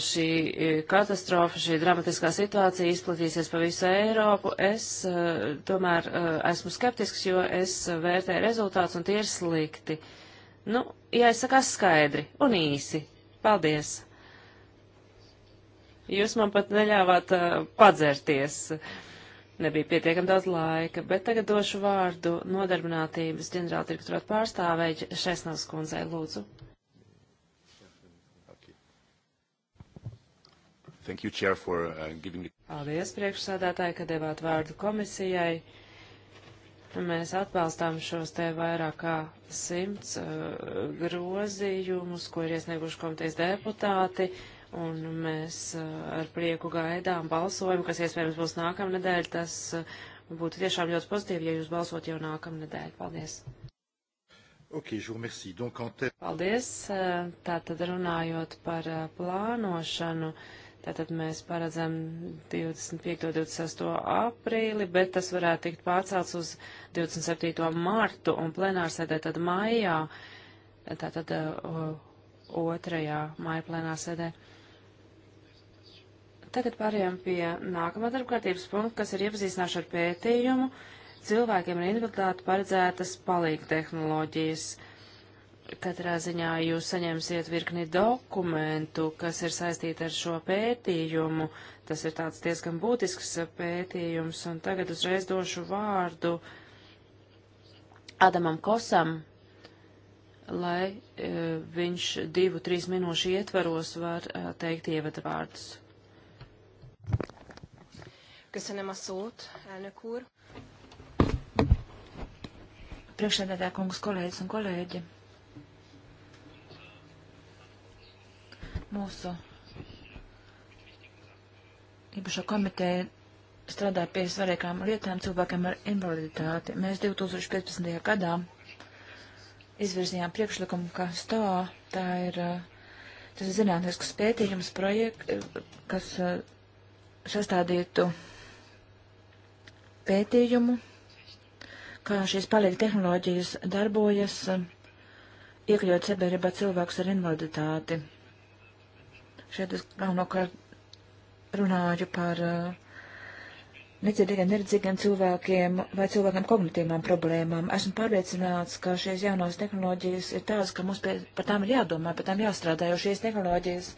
[SPEAKER 1] šī katastrofa, šī dramatiskā situācija izplatīsies pa visu Eiropu. Es tomēr esmu skeptisks, jo es vērtēju rezultātus, un tie ir slikti. Nu, jāizsakās skaidri un īsi. Paldies! Jūs man pat neļāvāt uh, padzerties. Nebija pietiekami daudz laika, bet tagad došu vārdu nodarbinātības ģenerāldirektorāta pārstāvēja Šesnavas kundzei lūdzu.
[SPEAKER 2] Thank you, Chair, for uh, giving it.
[SPEAKER 1] Paldies, priekšsādātāji, ka devāt vārdu komisijai. Mēs atbalstām šos te vairāk kā simts uh, grozījumus, ko ir iesnieguši komitejas deputāti. Uh, Un mēs eh, ar prieku gaidām balsojumu, kas iespējams būs nākamnedēļ. Tas eh, būtu tiešām ļoti pozitīvi, ja jūs balsot jau nākamnedēļ. Paldies!
[SPEAKER 3] Okay, Donc, te...
[SPEAKER 1] Paldies! Eh, tātad runājot par plānošanu, tātad mēs paredzam 25. un 26. aprīli, bet tas varētu tikt pārcelts uz 27. martu un plenārsēdē tad maijā, tātad 2. maija plenārsēdē. Tagad pārējām pie nākamā darbkārtības punkta, kas ir iepazīstināšu ar pētījumu cilvēkiem ar invaliditāti paredzētas palīgtehnoloģijas. Katrā ziņā jūs saņemsiet virkni dokumentu, kas ir saistīti ar šo pētījumu. Tas ir tāds diezgan būtisks pētījums, un tagad uzreiz došu vārdu Adamam Kosam, lai e, viņš divu, trīs minūšu ietvaros var e, teikt ievada vārdus.
[SPEAKER 3] Köszönöm a szót, elnök úr. Priekšsēdētāja kungs, kolēģis un kolēģi. Mūsu īpašā komiteja strādā pie svarīgām lietām cilvēkiem ar invaliditāti. Mēs 2015. gadā izvirzījām priekšlikumu, ka stāv, tā ir tas zinātnisks pētījums projekt, kas eh, sastādītu pētījumu, kā šīs palīga tehnoloģijas darbojas, iekļaut sabiedrībā cilvēkus ar invaliditāti. Šeit es galvenokārt runāju par uh, nedzirdīgiem, neredzīgiem cilvēkiem vai cilvēkiem kognitīvām problēmām. Esmu pārliecināts, ka šīs jaunās tehnoloģijas ir tās, ka mums pie, par tām ir jādomā, par tām jāstrādā, jo šīs tehnoloģijas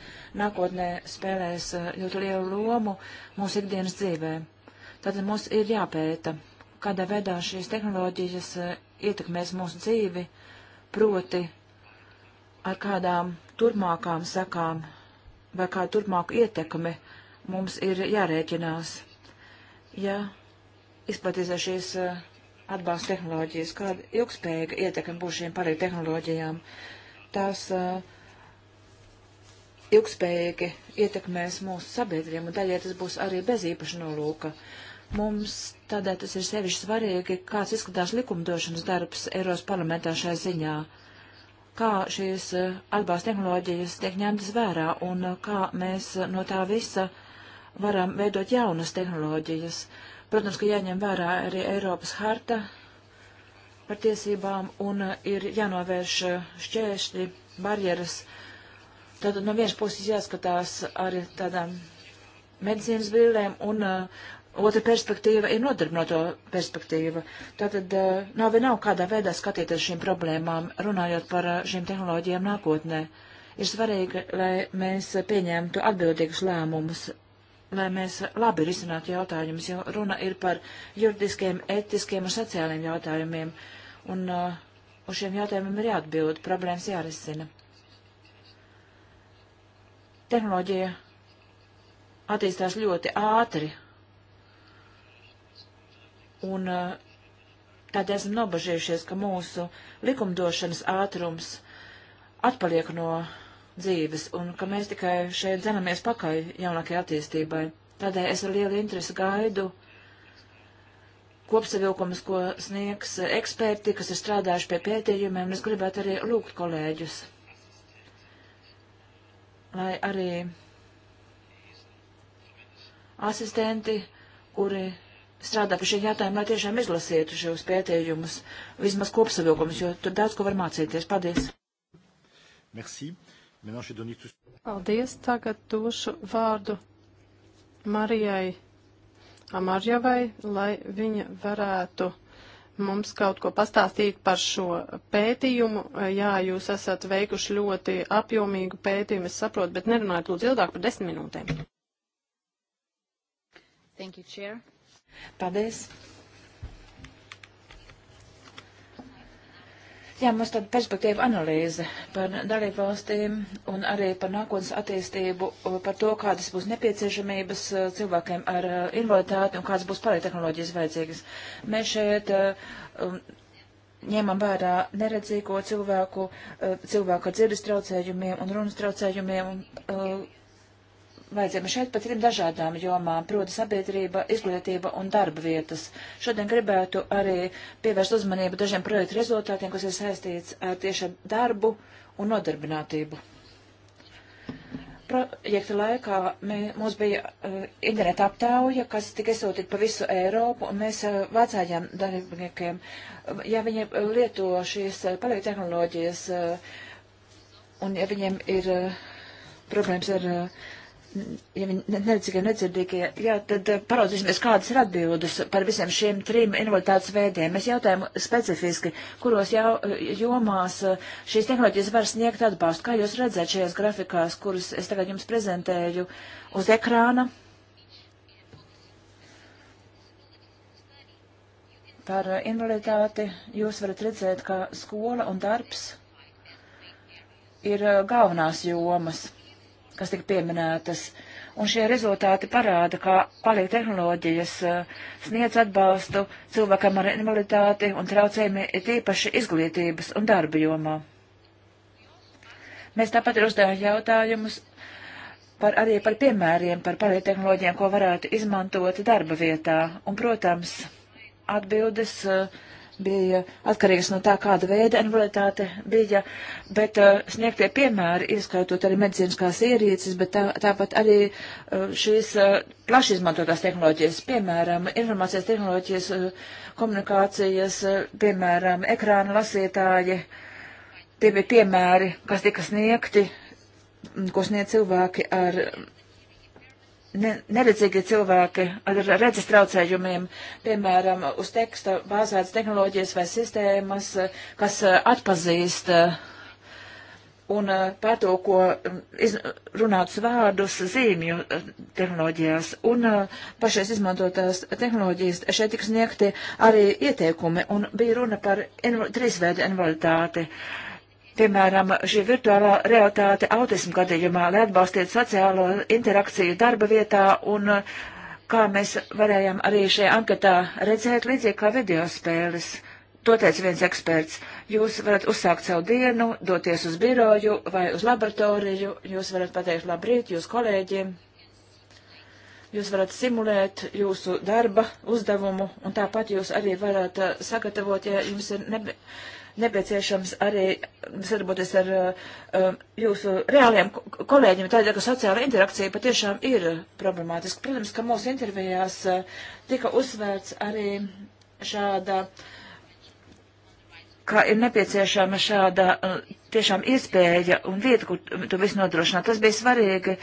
[SPEAKER 3] nākotnē spēlēs uh, ļoti lielu lomu mūsu ikdienas dzīvēm Tātad mums ir jāpēta, kādā veidā šīs tehnoloģijas eh, ietekmēs mūsu dzīvi, proti ar kādām turpmākām sekām vai kādu turpmāku ietekmi mums ir jārēķinās, ja izplatīsies šīs eh, atbalsta tehnoloģijas, kāda ilgspējīga ietekme būs šīm pārējām tehnoloģijām. Tās uh, ilgspējīgi ietekmēs mūsu sabiedriem, un daļai tas būs arī bez īpaša nolūka. Uh, Mums tādēļ tas ir sevišķi svarīgi, kāds izskatās likumdošanas darbs Eiros parlamentā šai ziņā, kā šīs eh, atbalsta tehnoloģijas tiek ņemtas vērā un eh, kā mēs eh, no tā visa varam veidot jaunas tehnoloģijas. Protams, ka jāņem vērā arī Eiropas harta par tiesībām un ir jānovērš šķēršļi, barjeras. Tātad no vienas puses jāskatās arī tādām medicīnas brīlēm un uh, Otra perspektīva ir nodarbinoto perspektīva. Tātad eh, nav vienalga, kādā veidā skatīties šīm problēmām, runājot par eh, šīm tehnoloģijām nākotnē. Ir svarīgi, lai mēs pieņemtu atbildīgus lēmumus, lai mēs labi risinātu jautājumus, jo runa ir par juridiskiem, etiskiem un sociāliem jautājumiem. Un uh, uz šiem jautājumiem ir jāatbild, problēmas jārisina. Tehnoloģija attīstās ļoti ātri un eh, tādēļ esam nobažījušies, ka mūsu likumdošanas ātrums atpaliek no dzīves, un ka mēs tikai šeit dzenamies pakaļ jaunākajai attīstībai. Tādēļ es ar lielu interesi gaidu kopsavilkumus, ko sniegs eksperti, kas ir strādājuši pie pētījumiem, un es gribētu arī lūgt kolēģus, lai arī asistenti, kuri strādā pie šī jautājuma, lai tiešām izlasītu šos pētījumus, vismaz kopsavilkumus, jo tur daudz ko var mācīties. Paldies! Merci.
[SPEAKER 2] Paldies. Tagad došu vārdu Marijai Amarjavai, lai viņa varētu mums kaut ko pastāstīt par šo pētījumu. Jā, jūs esat veikuši ļoti apjomīgu pētījumu, es saprotu, bet nerunājiet lūdzu ilgāk par desmit minūtēm. Thank you, Chair. Paldies!
[SPEAKER 3] Jā, mums tāda perspektīva analīze par dalībvalstīm un arī par nākotnes attīstību, par to, kādas būs nepieciešamības eh, cilvēkiem ar eh, invaliditāti un kādas būs pārējie tehnoloģijas vajadzīgas. Mēs šeit eh, um, ņemam vērā neredzīgo cilvēku, cilvēku ar dzirdes traucējumiem un runas traucējumiem un uh, vajadzībām šeit pat trim dažādām jomām, proti sabiedrība, izglītība un darba vietas. Šodien gribētu arī pievērst uzmanību dažiem projektu rezultātiem, kas ir saistīts ar tieši darbu un nodarbinātību. Projekta laikā mē, mums bija uh, interneta aptauja, kas tika izsūtīta pa visu Eiropu, un mēs uh, vācājām darbiniekiem, uh, ja viņi lieto šīs uh, palīdz tehnoloģijas, uh, un ja viņiem ir uh, problēmas ar uh, ja viņi nedzīvīgi nedzirdīgi, jā, tad eh, paraudzīsimies, kādas ir atbildes par visiem šiem trim invaliditātes veidiem. Mēs jautājam specifiski, kuros jau, eh, jomās eh, šīs tehnoloģijas var sniegt atbalstu. Kā jūs redzat šajās grafikās, kuras es tagad jums prezentēju uz ekrāna? Par invaliditāti jūs varat redzēt, ka skola un darbs ir galvenās jomas kas tika pieminētas. Un šie rezultāti parāda, kā palīga tehnoloģijas eh, sniedz atbalstu cilvēkam ar invaliditāti un traucējumi ir tīpaši izglītības un darba jomā. Mēs tāpat ir uzdevām jautājumus par, arī par piemēriem, par palīga tehnoloģijām, ko varētu izmantot darba vietā. Un, protams, atbildes uh, bija atkarīgs no tā, kāda veida invaliditāte bija, bet uh, sniegtie piemēri, ieskaitot arī medicīniskās ierīces, bet tā, tāpat arī uh, šīs uh, plaši izmantotās tehnoloģijas, piemēram, informācijas tehnoloģijas, uh, komunikācijas, uh, piemēram, ekrāna lasītāji. Tie bija piemēri, kas tika sniegti, ko sniedz cilvēki ar. Uh, ne, neredzīgi cilvēki ar redzes traucējumiem, piemēram, uz teksta bāzētas tehnoloģijas vai sistēmas, kas eh, atpazīst eh, un eh, pārtoko mm, runāts vārdus zīmju tehnoloģijās. Un pašais izmantotās tehnoloģijas šeit tiks sniegti arī ieteikumi, un bija runa par trīsveidu invaliditāti. Uh, piemēram, šī virtuālā realitāte autismu gadījumā, lai atbalstītu sociālo interakciju darba vietā un kā mēs varējām arī šajā anketā redzēt līdzīgi kā video spēles. To teica viens eksperts. Jūs varat uzsākt savu dienu, doties uz biroju vai uz laboratoriju, jūs varat pateikt labrīt jūs kolēģiem, jūs varat simulēt jūsu darba uzdevumu un tāpat jūs arī varat eh, sagatavot, ja jums ir nebijusi nepieciešams arī sadarboties ar uh, jūsu reāliem kolēģiem, tādēļ, ka sociāla interakcija patiešām ir problemātiska. Protams, ka mūsu intervijās uh, tika uzsvērts arī šāda ka ir nepieciešama šāda uh, tiešām iespēja un vieta, kur to visu nodrošināt. Tas bija svarīgi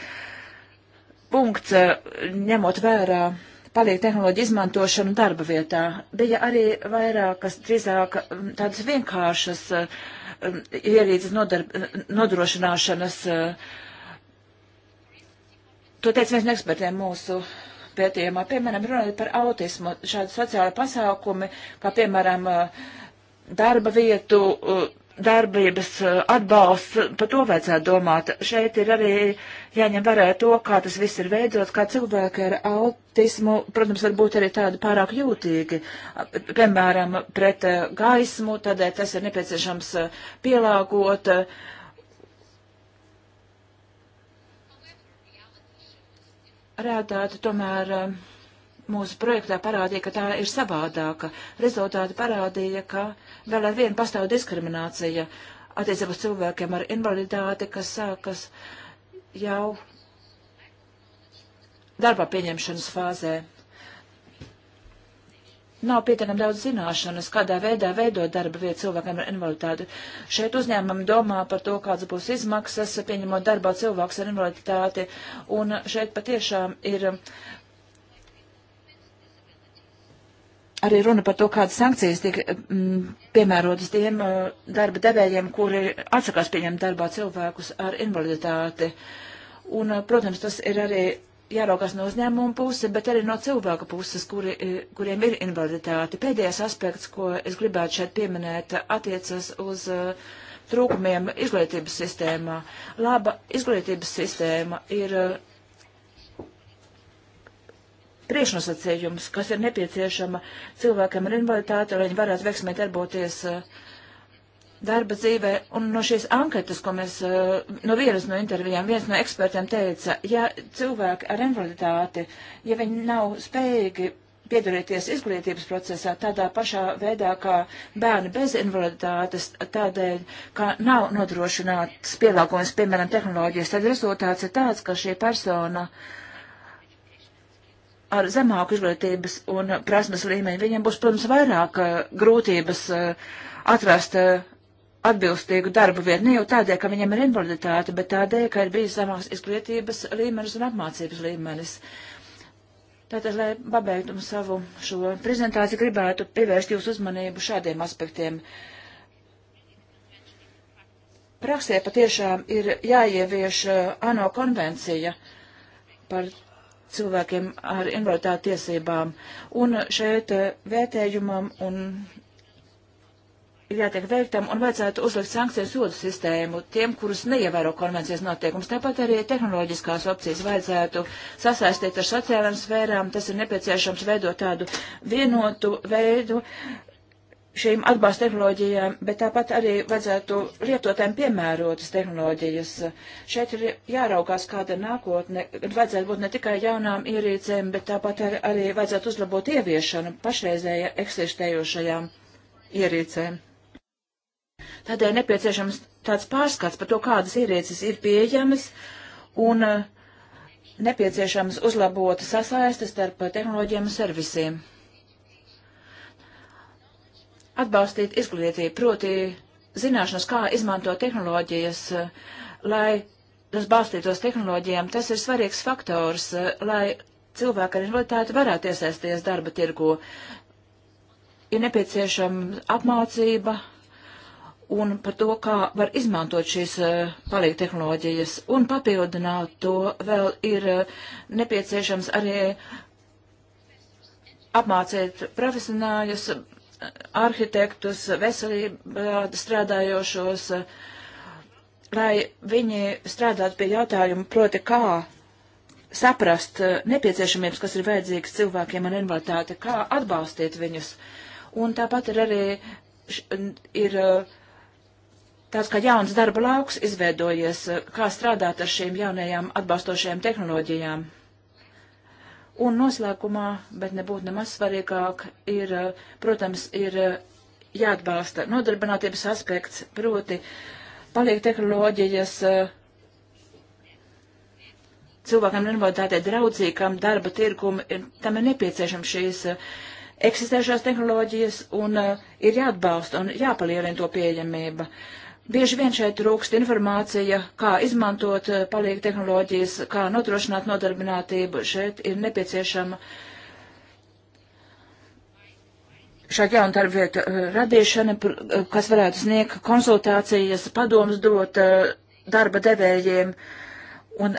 [SPEAKER 3] punkts, uh, ņemot vērā uh, paliek tehnoloģija izmantošanu darba vietā. Bija arī vairākas, drīzāk mm, tādas vienkāršas uh, ierīces nodrošināšanas. Uh, to teica viens no ekspertiem mūsu pētījumā, piemēram, runājot par autismu, šādi sociāli pasākumi, kā piemēram darba vietu uh, darbības eh, atbalsts, par to vajadzētu domāt. Šeit ir arī jāņem vērā to, kā tas viss ir veidots, kā cilvēki ar autismu, protams, var būt arī tādi pārāk jūtīgi, piemēram, pret eh, gaismu, tādēļ tas ir nepieciešams eh, pielāgot. Rētāti tomēr. Uh, mūsu projektā parādīja, ka tā ir savādāka. Rezultāti parādīja, ka vēl ar vienu pastāv diskriminācija attiecībā uz cilvēkiem ar invaliditāti, kas sākas jau darba pieņemšanas fāzē. Nav pietiekami daudz zināšanas, kādā veidā veidot darba vietu cilvēkiem ar invaliditāti. Šeit uzņēmumi domā par to, kādas būs izmaksas, pieņemot darbā cilvēks ar invaliditāti, un šeit patiešām ir arī runa par to, kādas sankcijas tiek mm, piemērotas tiem eh, darba devējiem, kuri atsakās pieņemt darbā cilvēkus ar invaliditāti. Un, eh, protams, tas ir arī jāraukās no uzņēmuma puses, bet arī no cilvēka puses, kuri, kuriem ir invaliditāte. Pēdējais aspekts, ko es gribētu šeit pieminēt, attiecas uz uh, trūkumiem izglītības sistēmā. Laba izglītības sistēma ir uh, priekšnosacījums, kas ir nepieciešama cilvēkam ar invaliditāti, lai viņi varētu veiksmīgi darboties eh, darba dzīvē. Un no šīs anketas, ko mēs eh, no vienas no intervijām, viens no ekspertiem teica, ja cilvēki ar invaliditāti, ja viņi nav spējīgi piedalīties izglītības procesā tādā pašā veidā, kā bērni bez invaliditātes, tādēļ, ka nav nodrošināts pielāgojums, piemēram, tehnoloģijas, tad rezultāts ir tāds, ka šī persona uh, ar zemāku izglītības un prasmes līmeni, viņiem būs, protams, vairāk uh, grūtības uh, atrast uh, atbilstīgu darbu vietu. Ne jau tādēļ, ka viņiem ir invaliditāte, bet tādēļ, ka ir bijis zemāks izglītības līmenis un apmācības līmenis. Tātad, lai pabeigtu savu šo prezentāciju, gribētu pievērst jūsu uzmanību šādiem aspektiem. Praksē patiešām ir jāievieš ANO konvencija par cilvēkiem ar invaliditāti tiesībām. Un šeit eh, vērtējumam un ir jātiek veiktam un vajadzētu uzlikt sankciju sodu sistēmu tiem, kurus neievēro konvencijas noteikums. Tāpat arī tehnoloģiskās opcijas vajadzētu sasaistīt ar sociālām sfērām. Tas ir nepieciešams veidot tādu vienotu veidu, šīm atbalsta tehnoloģijām, bet tāpat arī vajadzētu lietotēm piemērotas tehnoloģijas. Šeit ir jāraugās, kāda ir nākotne. Vajadzētu būt ne tikai jaunām ierīcēm, bet tāpat ar, arī vajadzētu uzlabot ieviešanu pašreizējā eksistējošajām ierīcēm. Tādēļ nepieciešams tāds pārskats par to, kādas ierīces ir pieejamas un eh, nepieciešams uzlabot sasaistes starp tehnoloģiem un servisiem atbalstīt izglītību, proti zināšanas, kā izmantot tehnoloģijas, eh, lai tas balstītos tehnoloģijām, tas ir svarīgs faktors, eh, lai cilvēki ar invaliditāti varētu iesaisties darba tirgu. Ir nepieciešama apmācība un par to, kā var izmantot šīs eh, palīga tehnoloģijas. Un papildināt to vēl ir nepieciešams arī apmācīt profesionāļus, arhitektus, veselībā strādājošos, lai viņi strādātu pie jautājuma, proti, kā saprast nepieciešamības, kas ir vajadzīgas cilvēkiem ar invaliditāti, kā atbalstīt viņus. Un tāpat ir arī ir tāds kā jauns darba lauks izveidojies, kā strādāt ar šīm jaunajām atbalstošajām tehnoloģijām Un noslēgumā, bet nebūtu nemaz svarīgāk, ir, eh, protams, ir eh, jāatbalsta nodarbinātības aspekts, proti paliek tehnoloģijas eh, cilvēkam invaliditātei draudzīgam darba tirgumu, tam ir nepieciešams šīs eksistēšās tehnoloģijas un ir jāatbalsta un jāpalielina to pieejamība. Uh, Bieži vien šeit trūkst informācija, kā izmantot eh, palīgi tehnoloģijas, kā nodrošināt nodarbinātību. Šeit ir nepieciešama šāda jauna darba vieta eh, radīšana, eh, kas varētu sniegt konsultācijas, padomus dot darba devējiem un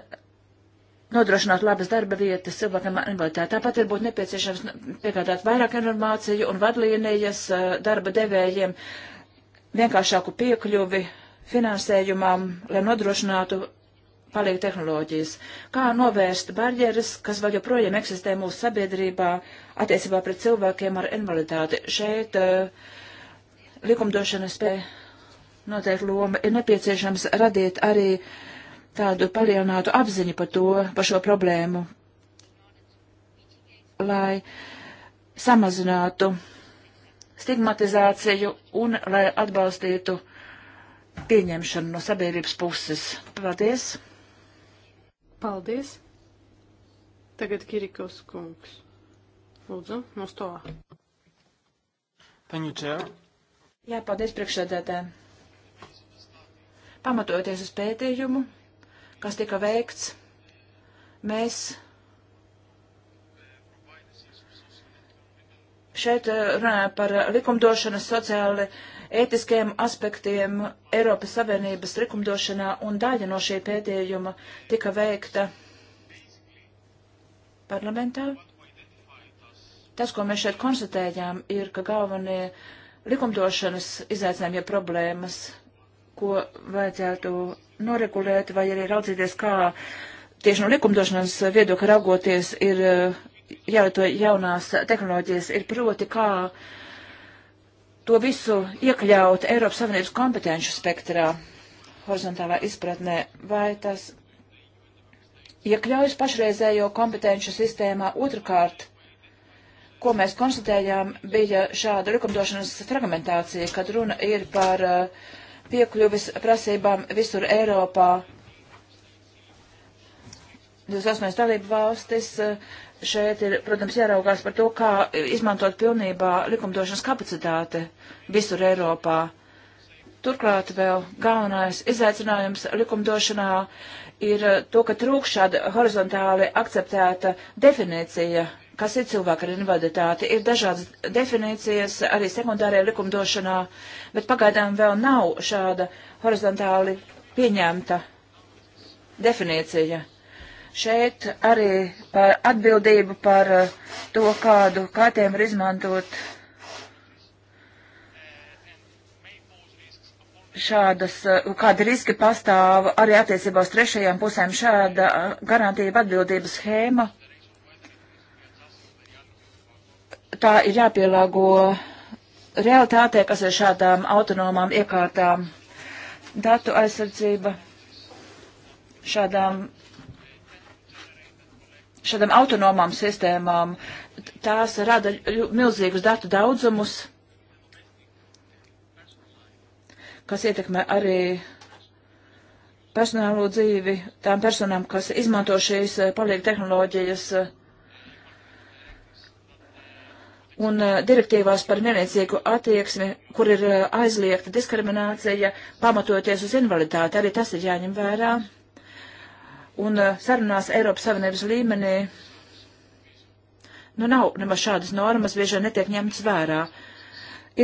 [SPEAKER 3] nodrošināt labas darba vietas cilvēkam ar invaliditāti. Tāpat ir būt nepieciešams piegādāt vairāk informāciju un vadlīnijas darba devējiem vienkāršāku piekļuvi finansējumam, lai nodrošinātu palīgu tehnoloģijas. Kā novērst barjeras, kas vēl joprojām eksistē mūsu sabiedrībā attiecībā pret cilvēkiem ar invaliditāti? Šeit uh, likumdošanas spēja noteikti loma ir nepieciešams radīt arī tādu palielinātu apziņu par to, par šo problēmu, lai samazinātu stigmatizāciju un lai atbalstītu pieņemšanu no sabiedrības puses. Paldies!
[SPEAKER 2] Paldies! Tagad Kirikos kungs. Lūdzu, no stāvā. Thank you, Chair. Jā,
[SPEAKER 3] paldies priekšsēdētājiem. Pamatojoties uz pētījumu, kas tika veikts, mēs Šeit eh, runājam par likumdošanas sociāli ētiskiem aspektiem Eiropas Savienības likumdošanā, un daļa no šī pētījuma tika veikta parlamentā. Tas, ko mēs šeit konstatējām, ir, ka galvenie likumdošanas izaicinājumi, ja problēmas, ko vajadzētu noregulēt, vai arī raudzīties, kā tieši no likumdošanas viedokļa raugoties, ir eh, jālieto jaunās tehnoloģijas, ir proti, kā to visu iekļaut Eiropas Savienības kompetenšu spektrā, horizontālā izpratnē, vai tas iekļaujas pašreizējo kompetenšu sistēmā otrkārt ko mēs konstatējām, bija šāda likumdošanas fragmentācija, kad runa ir par uh, piekļuvis prasībām visur Eiropā. 28 dalību valstis, uh, šeit ir, protams, jāraugās par to, kā izmantot pilnībā likumdošanas kapacitāte visur Eiropā. Turklāt vēl galvenais izaicinājums likumdošanā ir to, ka trūk šāda horizontāli akceptēta definīcija, kas ir cilvēka ar invaliditāti. Ir dažādas definīcijas arī sekundārajā likumdošanā, bet pagaidām vēl nav šāda horizontāli pieņemta definīcija šeit arī par atbildību par eh, to, kādu kārtiem ir izmantot šādas, eh, kādi riski pastāv arī attiecībā uz trešajām pusēm šāda eh, garantība atbildības schēma. Tā ir jāpielāgo realitātē, kas ir šādām autonomām iekārtām datu aizsardzība šādām šādām autonomām sistēmām. Tās rada milzīgus datu daudzumus, kas ietekmē arī personālo dzīvi tām personām, kas izmanto šīs eh, palīgu tehnoloģijas. Eh, un eh, direktīvās par nevienlīdzīgu attieksmi, kur ir aizliegta diskriminācija, pamatoties uz invaliditāti, arī tas ir jāņem vērā. Un eh, sarunās Eiropas Savienības līmenī nu nav nemaz šādas normas, bieži vien netiek ņemtas vērā.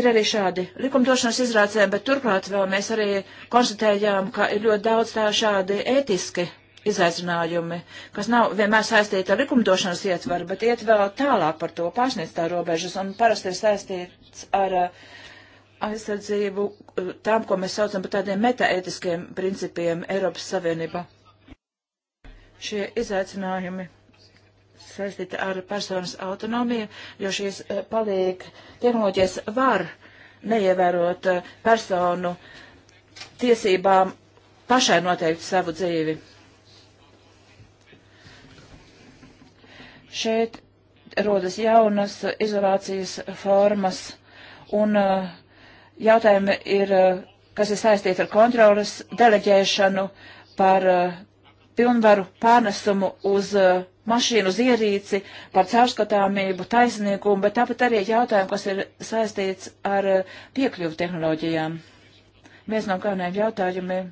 [SPEAKER 3] Ir arī šādi likumdošanas izrācējumi, bet turklāt vēl mēs arī konstatējām, ka ir ļoti daudz tā šādi ētiski izaicinājumi, kas nav vienmēr saistīti ar likumdošanas ietvaru, bet iet vēl tālāk par to pārsniedz tā robežas un parasti ir saistīts ar eh, aizsardzību eh, tām, ko mēs saucam par tādiem metaētiskiem principiem Eiropas Savienībā šie izaicinājumi saistīti ar personas autonomiju, jo šīs eh, palīga tehnoloģijas var neievērot eh, personu tiesībām pašai noteikt savu dzīvi. Šeit rodas jaunas izolācijas formas un eh, jautājumi ir, kas ir saistīti ar kontrolas deleģēšanu par pilnvaru pārnesumu uz uh, mašīnu, uz ierīci, par caurskatāmību, taisnīgumu, bet tāpat arī jautājumu, kas ir saistīts ar uh, piekļuvu tehnoloģijām. Viens no galvenajiem jautājumiem,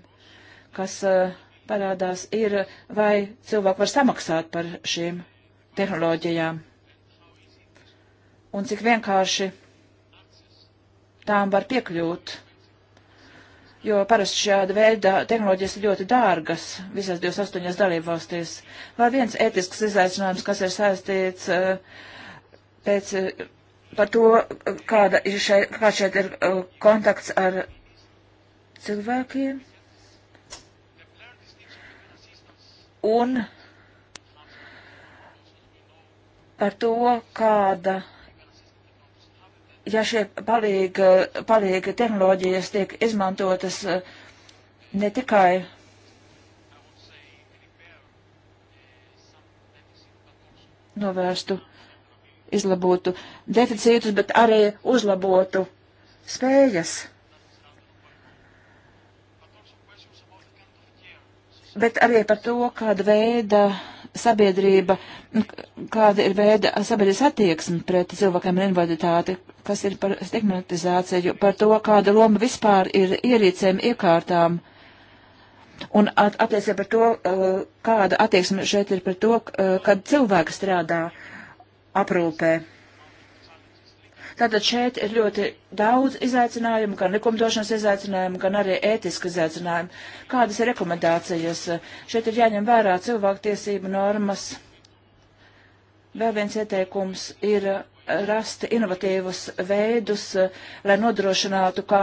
[SPEAKER 3] kas uh, parādās, ir, uh, vai cilvēki var samaksāt par šīm tehnoloģijām un cik vienkārši tām var piekļūt jo parasti šāda veida tehnoloģijas ir ļoti dārgas visās 28 dalībvalstīs. Vai viens ētisks izaicinājums, kas ir saistīts eh, pēc, eh, par to, kāda ir šeit, kā šeit ir eh, kontakts ar cilvēkiem? Un par to, kāda ja šie palīgi, palīgi tehnoloģijas tiek izmantotas eh, ne tikai novērstu, izlabotu deficītus, bet arī uzlabotu spējas. Bet arī par to, kāda veida sabiedrība, nu, kāda ir veida sabiedrības attieksme pret cilvēkiem ar invaliditāti, kas ir par stigmatizāciju, par to, kāda loma vispār ir ierīcēm, iekārtām. Un at attieksme par to, uh, kāda attieksme šeit ir par to, uh, kad cilvēki strādā aprūpē. Tātad šeit ir ļoti daudz izaicinājumu, gan likumdošanas izaicinājumu, gan arī ētisku izaicinājumu. Kādas ir rekomendācijas? Šeit ir jāņem vērā cilvēktiesību normas. Vēl viens ieteikums ir rast inovatīvus veidus, lai nodrošinātu, kā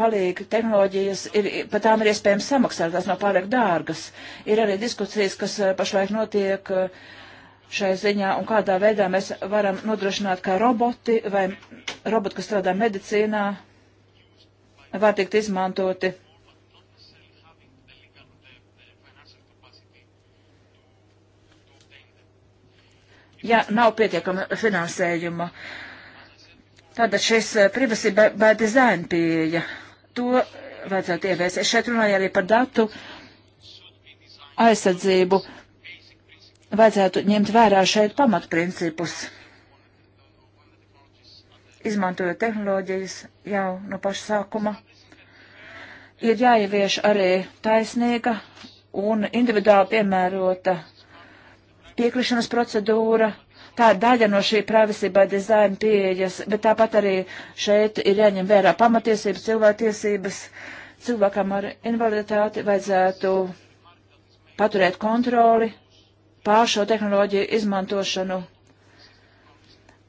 [SPEAKER 3] palīgi tehnoloģijas, ir, par tām ir iespējams samaksāt, tās nav pārāk dārgas. Ir arī diskusijas, kas eh, pašlaik notiek. Uh, šai ziņā un kādā veidā mēs varam nodrošināt, ka roboti vai roboti, kas strādā medicīnā, var tikt izmantoti. Ja nav pietiekama finansējuma, tāda šis eh, privacy by, by design pieeja, to vajadzētu ieviest. Es šeit runāju arī par datu aizsardzību. Uh, vajadzētu ņemt vērā šeit pamatprincipus. Izmantojot tehnoloģijas jau no paša sākuma, ir jāievieš arī taisnīga un individuāli piemērota piekrišanas procedūra. Tā ir daļa no šī privacy by design pieejas, bet tāpat arī šeit ir jāņem vērā pamatiesības, cilvēktiesības. Cilvēkam ar invaliditāti vajadzētu paturēt kontroli pār šo tehnoloģiju izmantošanu.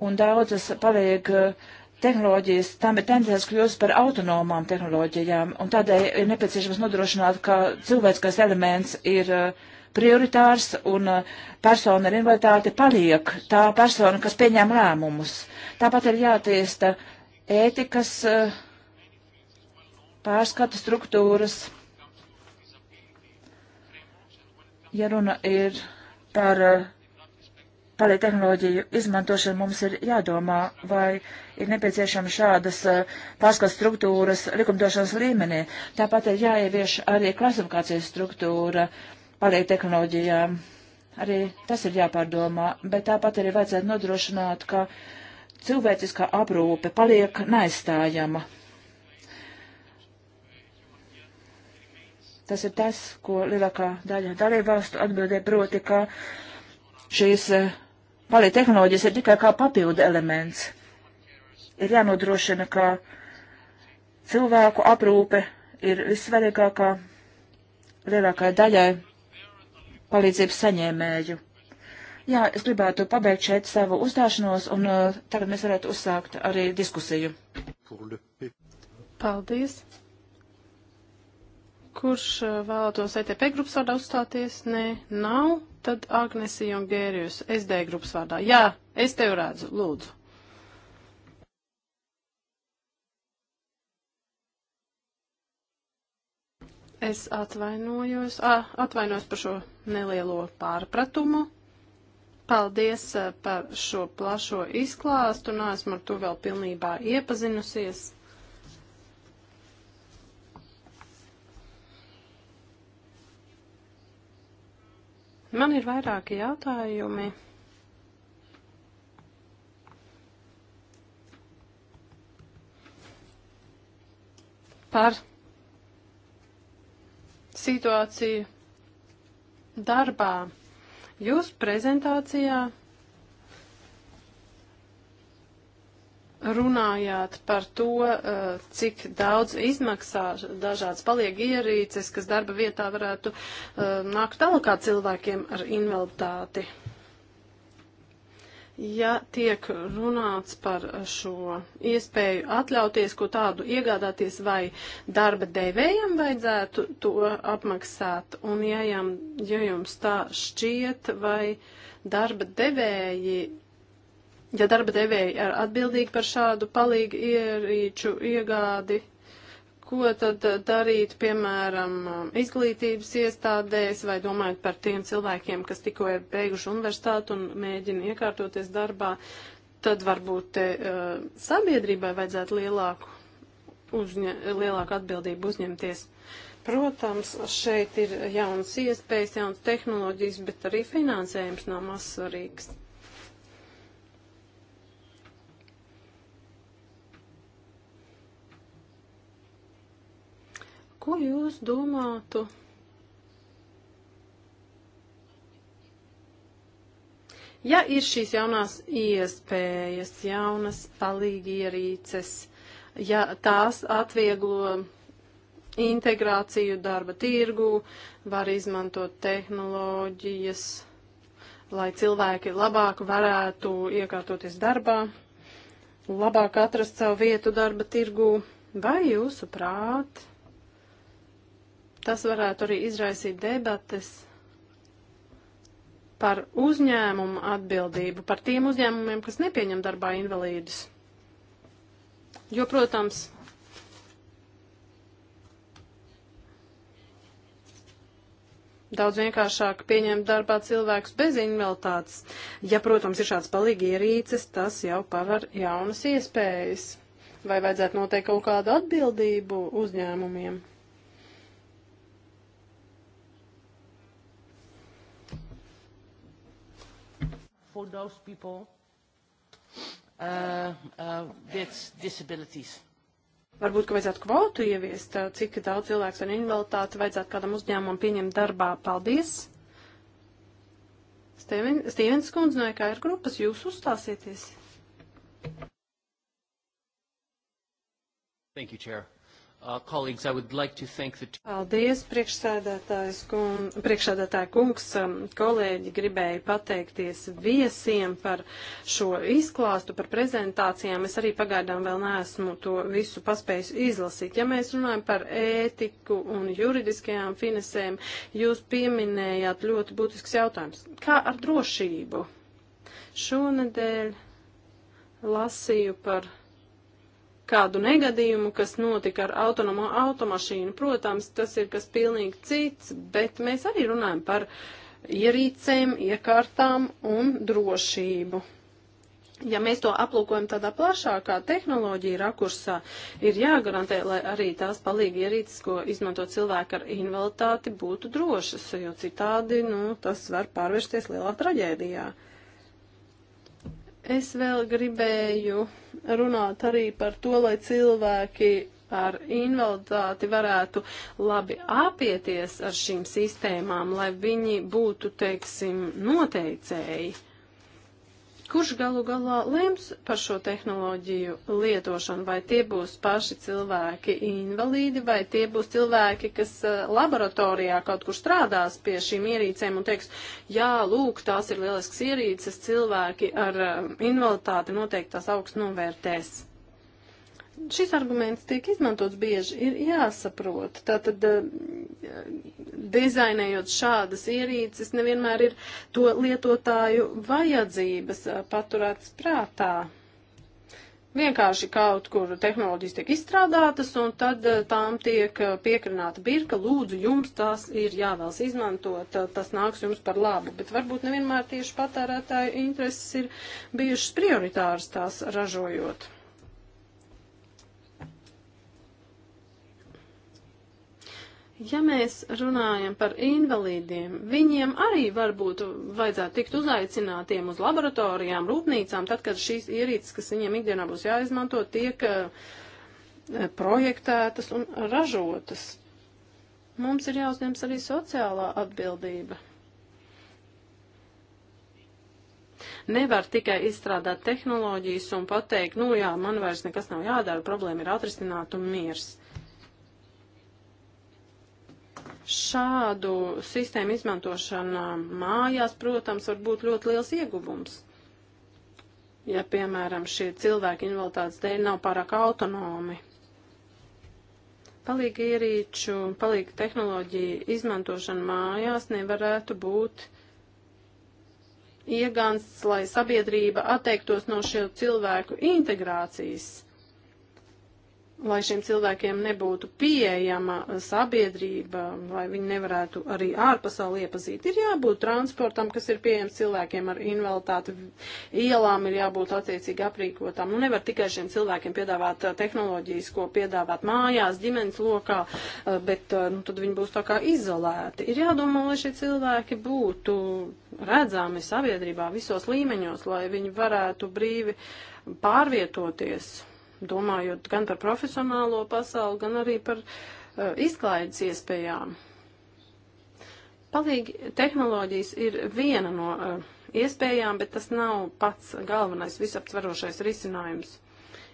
[SPEAKER 3] Un daudzas paliek eh, tehnoloģijas, tam ir tendence kļūst par autonomām tehnoloģijām, un tādēļ ir nepieciešams nodrošināt, ka cilvēciskais elements ir eh, prioritārs un eh, persona ar invaliditāti paliek tā persona, kas pieņem lēmumus. Tāpat ir jātiesta ētikas pārskata struktūras. Ja runa ir par eh, palītehnoloģiju izmantošanu mums ir jādomā, vai ir nepieciešama šādas eh, pārskats struktūras likumdošanas līmenī. Tāpat ir jāievieš arī klasifikācijas struktūra palītehnoloģijām. Arī tas ir jāpārdomā, bet tāpat arī vajadzētu nodrošināt, ka cilvēciskā aprūpe paliek neaizstājama Tas ir tas, ko lielākā daļa dalībvalstu atbildē proti, ka šīs eh, palīdz tehnoloģijas ir tikai kā papildu elements. Ir jānodrošina, ka cilvēku aprūpe ir vissvarīgākā lielākajai daļai palīdzības saņēmēju. Jā, es gribētu pabeigt šeit savu uzstāšanos, un uh, tagad mēs varētu uzsākt arī diskusiju.
[SPEAKER 2] Paldies! Kurš eh, vēlētos ETP grupas vārdā uzstāties? Nē, nav. Tad Agnesija un Gērijus SD grupas vārdā. Jā, es tev redzu, lūdzu. Es atvainojos, a, atvainojos par šo nelielo pārpratumu. Paldies eh, par šo plašo izklāstu, un nu, esmu ar to vēl pilnībā iepazinusies. Man ir vairāki jautājumi. Par situāciju darbā. Jūs prezentācijā runājāt par to, eh, cik daudz izmaksā dažādas paliek ierīces, kas darba vietā varētu eh, nākt tālākā cilvēkiem ar invaliditāti. Ja tiek runāts par šo iespēju atļauties, ko tādu iegādāties, vai darba devējam vajadzētu to apmaksāt, un ja, jām, ja jums tā šķiet, vai darba devēji ja darba devēji ir atbildīgi par šādu palīgu ierīču iegādi, ko tad darīt, piemēram, izglītības iestādēs vai domājot par tiem cilvēkiem, kas tikko ir beiguši universitātu un mēģina iekārtoties darbā, tad varbūt te, uh, sabiedrībai vajadzētu lielāku, uzņa, lielāku atbildību uzņemties. Protams, šeit ir jaunas iespējas, jaunas tehnoloģijas, bet arī finansējums nav maz svarīgs. Ko jūs domātu? Ja ir šīs jaunās iespējas, jaunas palīgierīces, ja tās atvieglo integrāciju darba tirgū, var izmantot tehnoloģijas, lai cilvēki labāk varētu iekārtoties darbā, labāk atrast savu vietu darba tirgū, vai jūsu prāt? Tas varētu arī izraisīt debates par uzņēmumu atbildību, par tiem uzņēmumiem, kas nepieņem darbā invalīdus. Jo, protams, daudz vienkāršāk pieņemt darbā cilvēkus bez invaliditātes. Ja, protams, ir šāds palīgi ierīces, tas jau paver jaunas iespējas. Vai vajadzētu noteikt kaut kādu atbildību uzņēmumiem?
[SPEAKER 1] for those people uh, uh, with disabilities.
[SPEAKER 2] Varbūt, ka vajadzētu kvotu ieviest, uh, cik daudz cilvēks ar invaliditāti vajadzētu kādam uzņēmumam pieņemt darbā. Paldies! Stīvens Kundze no EKR grupas, jūs uzstāsieties. Thank you, Chair. Uh, colleagues, I would like to thank the... Paldies, priekšsēdētājs kun, priekšsēdētāja kungs. Um, kolēģi gribēja pateikties viesiem par šo izklāstu, par prezentācijām. Es arī pagaidām vēl neesmu to visu paspējis izlasīt. Ja mēs runājam par ētiku un juridiskajām finansēm, jūs pieminējāt ļoti būtisks jautājums. Kā ar drošību? Šonedēļ lasīju par kādu negadījumu, kas notika ar autonomo automašīnu. Protams, tas ir kas pilnīgi cits, bet mēs arī runājam par ierīcēm, iekārtām un drošību. Ja mēs to aplūkojam tādā plašākā tehnoloģija rakursā, ir jāgarantē, lai arī tās palīgi ierīces, ko izmanto cilvēki ar invaliditāti, būtu drošas, jo citādi nu, tas var pārvērsties lielā traģēdijā. Uh, Es vēl gribēju runāt arī par to, lai cilvēki ar invaliditāti varētu labi apieties ar šīm sistēmām, lai viņi būtu, teiksim, noteicēji. Kurš galu galā lems par šo tehnoloģiju lietošanu? Vai tie būs paši cilvēki invalīdi, vai tie būs cilvēki, kas eh, laboratorijā kaut kur strādās pie šīm ierīcēm un teiks, jā, lūk, tās ir lielisks ierīces, cilvēki ar eh, invaliditāti noteikti tās augstu novērtēs šis arguments tiek izmantots bieži, ir jāsaprot. Tātad, eh, dizainējot šādas ierīces, nevienmēr ir to lietotāju vajadzības eh, paturētas prātā. Vienkārši kaut kur tehnoloģijas tiek izstrādātas, un tad eh, tām tiek piekrināta birka, lūdzu, jums tās ir jāvēlas izmantot, tas nāks jums par labu, bet varbūt nevienmēr tieši patērētāju intereses ir bijušas prioritāras tās ražojot. Ja mēs runājam par invalīdiem, viņiem arī varbūt vajadzētu tikt uzaicinātiem uz laboratorijām, rūpnīcām, tad, kad šīs ierīces, kas viņiem ikdienā būs jāizmanto, tiek eh, projektētas un ražotas. Mums ir jāuzņems arī sociālā atbildība. Nevar tikai izstrādāt tehnoloģijas un pateikt, nu jā, man vairs nekas nav jādara, problēma ir atrisināt un miers. Šādu sistēmu izmantošana mājās, protams, var būt ļoti liels ieguvums. Ja, piemēram, šie cilvēki invaliditātes dēļ nav pārāk autonomi. Palīgi ierīču, palīgi tehnoloģiju izmantošana mājās nevarētu būt iegāns, lai sabiedrība atteiktos no šie cilvēku integrācijas lai šiem cilvēkiem nebūtu pieejama sabiedrība, lai viņi nevarētu arī ārpasauli iepazīt. Ir jābūt transportam, kas ir pieejams cilvēkiem ar invaliditāti, ielām ir jābūt attiecīgi aprīkotām. Nu, nevar tikai šiem cilvēkiem piedāvāt uh, tehnoloģijas, ko piedāvāt mājās, ģimenes lokā, uh, bet uh, nu, tad viņi būs tā kā izolēti. Ir jādomā, lai šie cilvēki būtu redzami sabiedrībā visos līmeņos, lai viņi varētu brīvi pārvietoties domājot gan par profesionālo pasauli, gan arī par uh, izklaides iespējām. Palīgi tehnoloģijas ir viena no uh, iespējām, bet tas nav pats galvenais visaptverošais risinājums.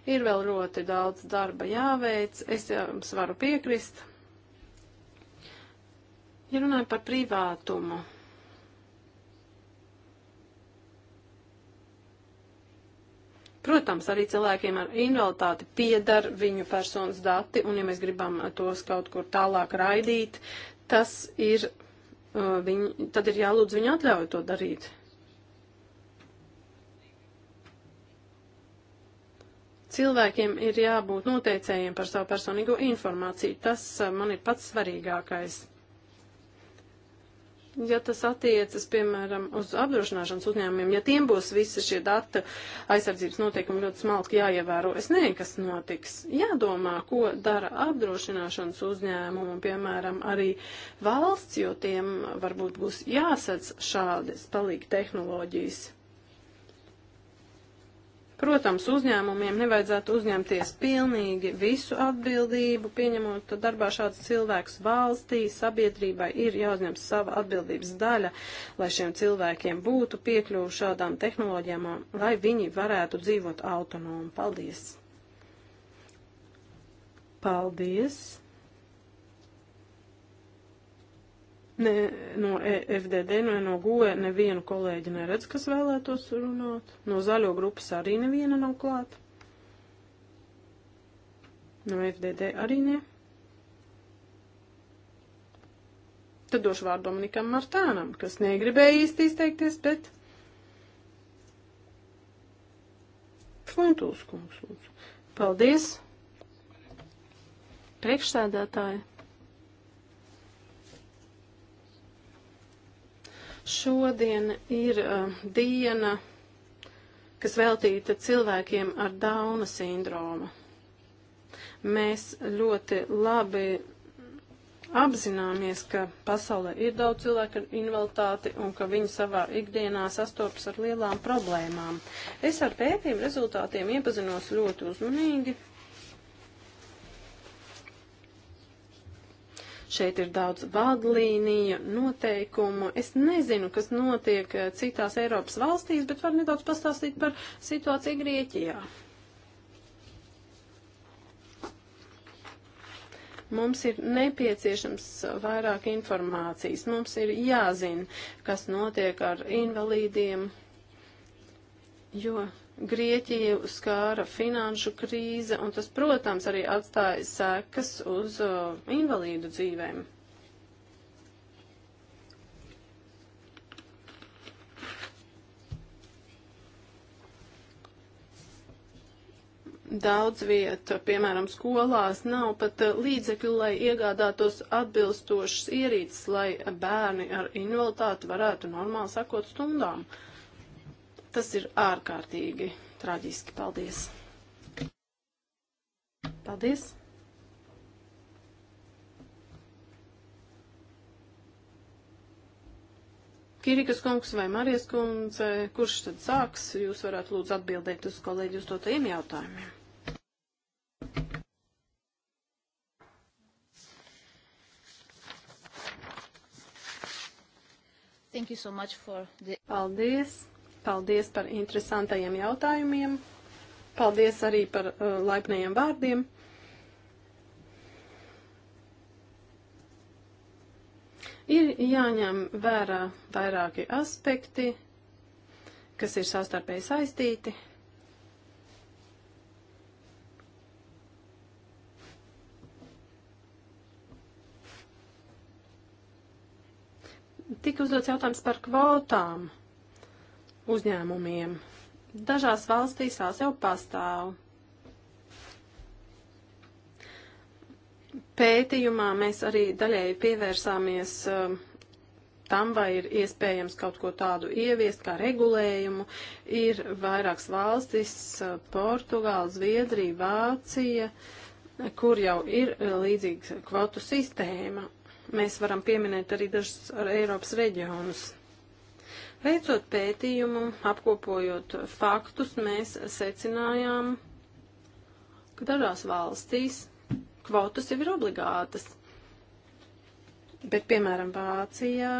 [SPEAKER 2] Ir vēl ļoti daudz darba jāveic, es jums eh, varu piekrist. Ja runājam par privātumu, Protams, arī cilvēkiem ar invaliditāti piedar viņu personas dati, un ja mēs gribam tos kaut kur tālāk raidīt, tas ir, uh, viņu, tad ir jālūdz viņu atļauju to darīt. Cilvēkiem ir jābūt noteicējiem par savu personīgo informāciju. Tas uh, man ir pats svarīgākais ja tas attiecas, piemēram, uz apdrošināšanas uzņēmumiem, ja tiem būs visi šie data aizsardzības noteikumi ļoti smalki jāievēro, es nezinu, kas notiks. Jādomā, ko dara apdrošināšanas uzņēmumu, piemēram, arī valsts, jo tiem varbūt būs jāsadz šādas palīga tehnoloģijas. Protams, uzņēmumiem nevajadzētu uzņemties pilnīgi visu atbildību, pieņemot darbā šādus cilvēkus valstī, sabiedrībai ir jāuzņem sava atbildības daļa, lai šiem cilvēkiem būtu piekļuvu šādām tehnoloģijām, lai viņi varētu dzīvot autonomi. Paldies! Paldies! Ne, no e FDD, ne, no GUE nevienu kolēģi neredz, kas vēlētos runāt. No zaļo grupas arī neviena nav klāt. No FDD arī ne. Tad došu vārdu Dominikam Martānam, kas negribēja īsti izteikties, bet. Funtūs kungs, lūdzu. Paldies. Priekšsēdētāji. Šodien ir uh, diena, kas veltīta cilvēkiem ar Dauna sindromu. Mēs ļoti labi apzināmies, ka pasaulē ir daudz cilvēku ar invaliditāti un ka viņi savā ikdienā sastopas ar lielām problēmām. Es ar pētījumu rezultātiem iepazinos ļoti uzmanīgi Šeit ir daudz vadlīniju, noteikumu. Es nezinu, kas notiek eh, citās Eiropas valstīs, bet var nedaudz pastāstīt par situāciju Grieķijā. Mums ir nepieciešams vairāk informācijas. Mums ir jāzina, kas notiek ar invalīdiem, jo Grieķiju skāra finanšu krīze, un tas, protams, arī atstāja sekas uz uh, invalīdu dzīvēm. Daudz vieta, piemēram, skolās nav pat uh, līdzekļu, lai iegādātos atbilstošas ierīces, lai bērni ar invaliditāti varētu normāli sakot stundām. Uh, Tas ir ārkārtīgi traģiski. Paldies! Paldies! Kirikas kungs vai Marijas kundze, kurš tad sāks, jūs varētu lūdzu atbildēt uz kolēģi uz dotajiem jautājumiem. Thank you so much for the... Paldies! Paldies par interesantajiem jautājumiem. Paldies arī par uh, laipnajiem vārdiem. Ir jāņem vērā vairāki aspekti, kas ir savstarpēji saistīti. Tik uzdots jautājums par kvotām uzņēmumiem. Dažās valstīs tās jau pastāv. Pētījumā mēs arī daļēji pievērsāmies uh, tam, vai ir iespējams kaut ko tādu ieviest kā regulējumu. Ir vairākas valstis uh, - Portugāla, Zviedrija, Vācija, kur jau ir uh, līdzīga kvotu sistēma. Mēs varam pieminēt arī dažus ar Eiropas reģionus. Veicot pētījumu, apkopojot faktus, mēs secinājām, ka dažās valstīs kvotas jau ir obligātas. Bet, piemēram, Vācijā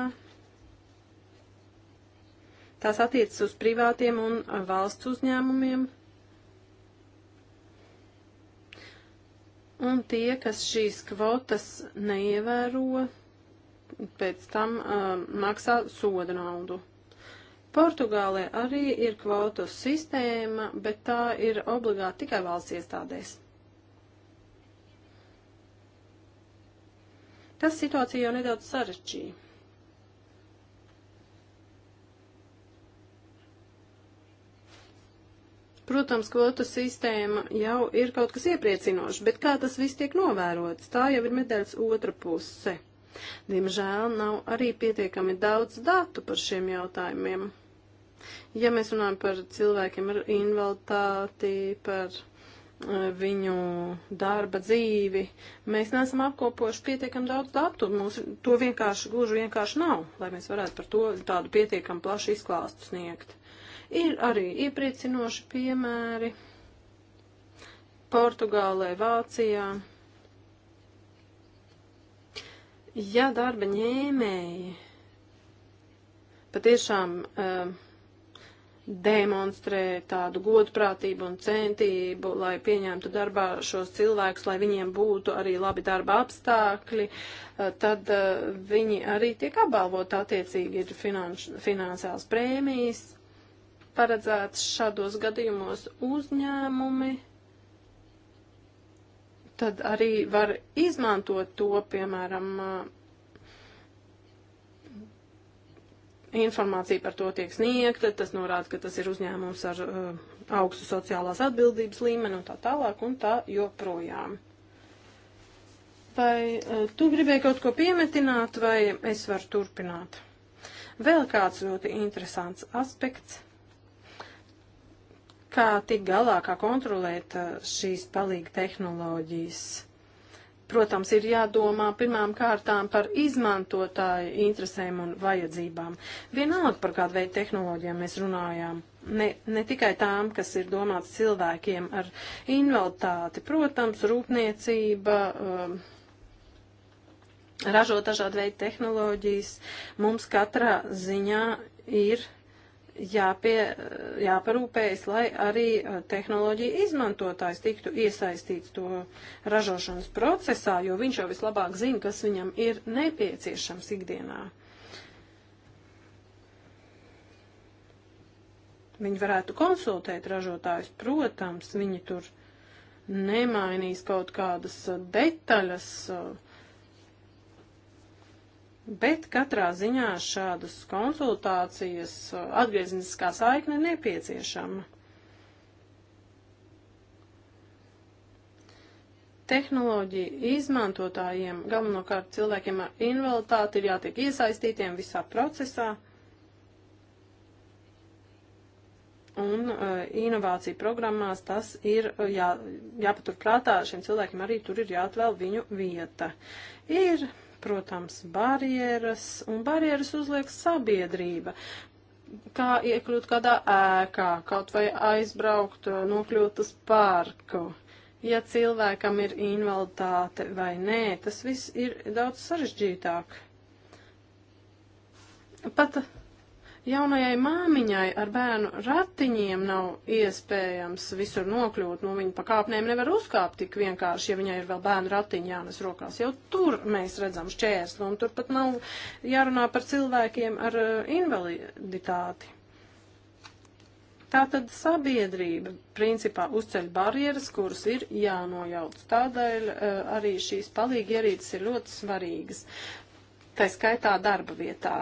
[SPEAKER 2] tās attiecas uz privātiem un valsts uzņēmumiem. Un tie, kas šīs kvotas neievēro, pēc tam uh, maksā soda naudu. Portugālē arī ir kvotu sistēma, bet tā ir obligāti tikai valsts iestādēs. Tas situāciju jau nedaudz sarežģīja. Protams, kvotu sistēma jau ir kaut kas iepriecinošs, bet kā tas viss tiek novērots, tā jau ir medaļas otra puse. Diemžēl nav arī pietiekami daudz datu par šiem jautājumiem. Ja mēs runājam par cilvēkiem ar invaliditāti, par e, viņu darba dzīvi, mēs neesam apkopojuši pietiekam daudz datu. Mums to vienkārši, gluži vienkārši nav, lai mēs varētu par to tādu pietiekam plašu izklāstu sniegt. Ir arī iepriecinoši piemēri Portugālē, Vācijā. Ja darba ņēmēji patiešām uh, demonstrē tādu godprātību un centību, lai pieņemtu darbā šos cilvēkus, lai viņiem būtu arī labi darba apstākļi, eh, tad eh, viņi arī tiek apbalvot attiecīgi ir finanš, finansiāls prēmijas paredzēts šādos gadījumos uzņēmumi tad arī var izmantot to, piemēram, eh, informācija par to tiek sniegta, tas norāda, ka tas ir uzņēmums ar uh, augstu sociālās atbildības līmeni un tā tālāk un tā joprojām. Vai uh, tu gribēji kaut ko piemetināt, vai es varu turpināt? Vēl kāds ļoti interesants aspekts, kā tik galā, kā kontrolēt uh, šīs palīga tehnoloģijas. Protams, ir jādomā pirmām kārtām par izmantotāju interesēm un vajadzībām. Vienalga par kādu veidu tehnoloģijām mēs runājām. Ne, ne tikai tām, kas ir domāts cilvēkiem ar invaliditāti, protams, rūpniecība. Uh, ražot dažādu veidu tehnoloģijas, mums katrā ziņā ir jāpie, jāparūpējas, lai arī eh, tehnoloģija izmantotājs tiktu iesaistīts to ražošanas procesā, jo viņš jau vislabāk zina, kas viņam ir nepieciešams ikdienā. Viņi varētu konsultēt ražotājus, protams, viņi tur nemainīs kaut kādas eh, detaļas, uh, Bet katrā ziņā šādas konsultācijas uh, atgriezniskā saikne ir nepieciešama. Tehnoloģiju izmantotājiem, galvenokārt cilvēkiem ar invaliditāti, ir jātiek iesaistītiem visā procesā, un uh, inovāciju programmās tas ir uh, jā, jāpaturprātā, šiem cilvēkiem arī tur ir jāatvēl viņu vieta. Ir protams, barjeras, un barjeras uzliek sabiedrība. Kā iekļūt kādā ēkā, kaut vai aizbraukt, nokļūt uz parku. Ja cilvēkam ir invaliditāte vai nē, tas viss ir daudz sarežģītāk. Pat Jaunajai māmiņai ar bērnu ratiņiem nav iespējams visur nokļūt, no nu, viņa pakāpnēm nevar uzkāpt tik vienkārši, ja viņai ir vēl bērnu ratiņi jānes rokās. Jau tur mēs redzam šķērslu, un tur pat nav jārunā par cilvēkiem ar eh, invaliditāti. Tātad sabiedrība principā uzceļ barjeras, kuras ir jānojauc. Tādēļ eh, arī šīs palīgi ierīces ir ļoti svarīgas. Tā skaitā darba vietā.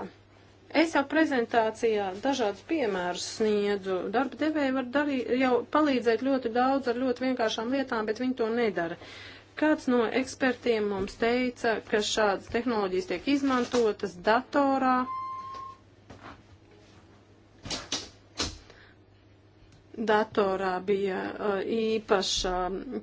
[SPEAKER 2] Es jau prezentācijā dažādus piemērus sniedzu. Darba devēja var darīt, jau palīdzēt ļoti daudz ar ļoti vienkāršām lietām, bet viņi to nedara. Kāds no ekspertiem mums teica, ka šādas tehnoloģijas tiek izmantotas datorā, datorā bija uh, īpaša mm,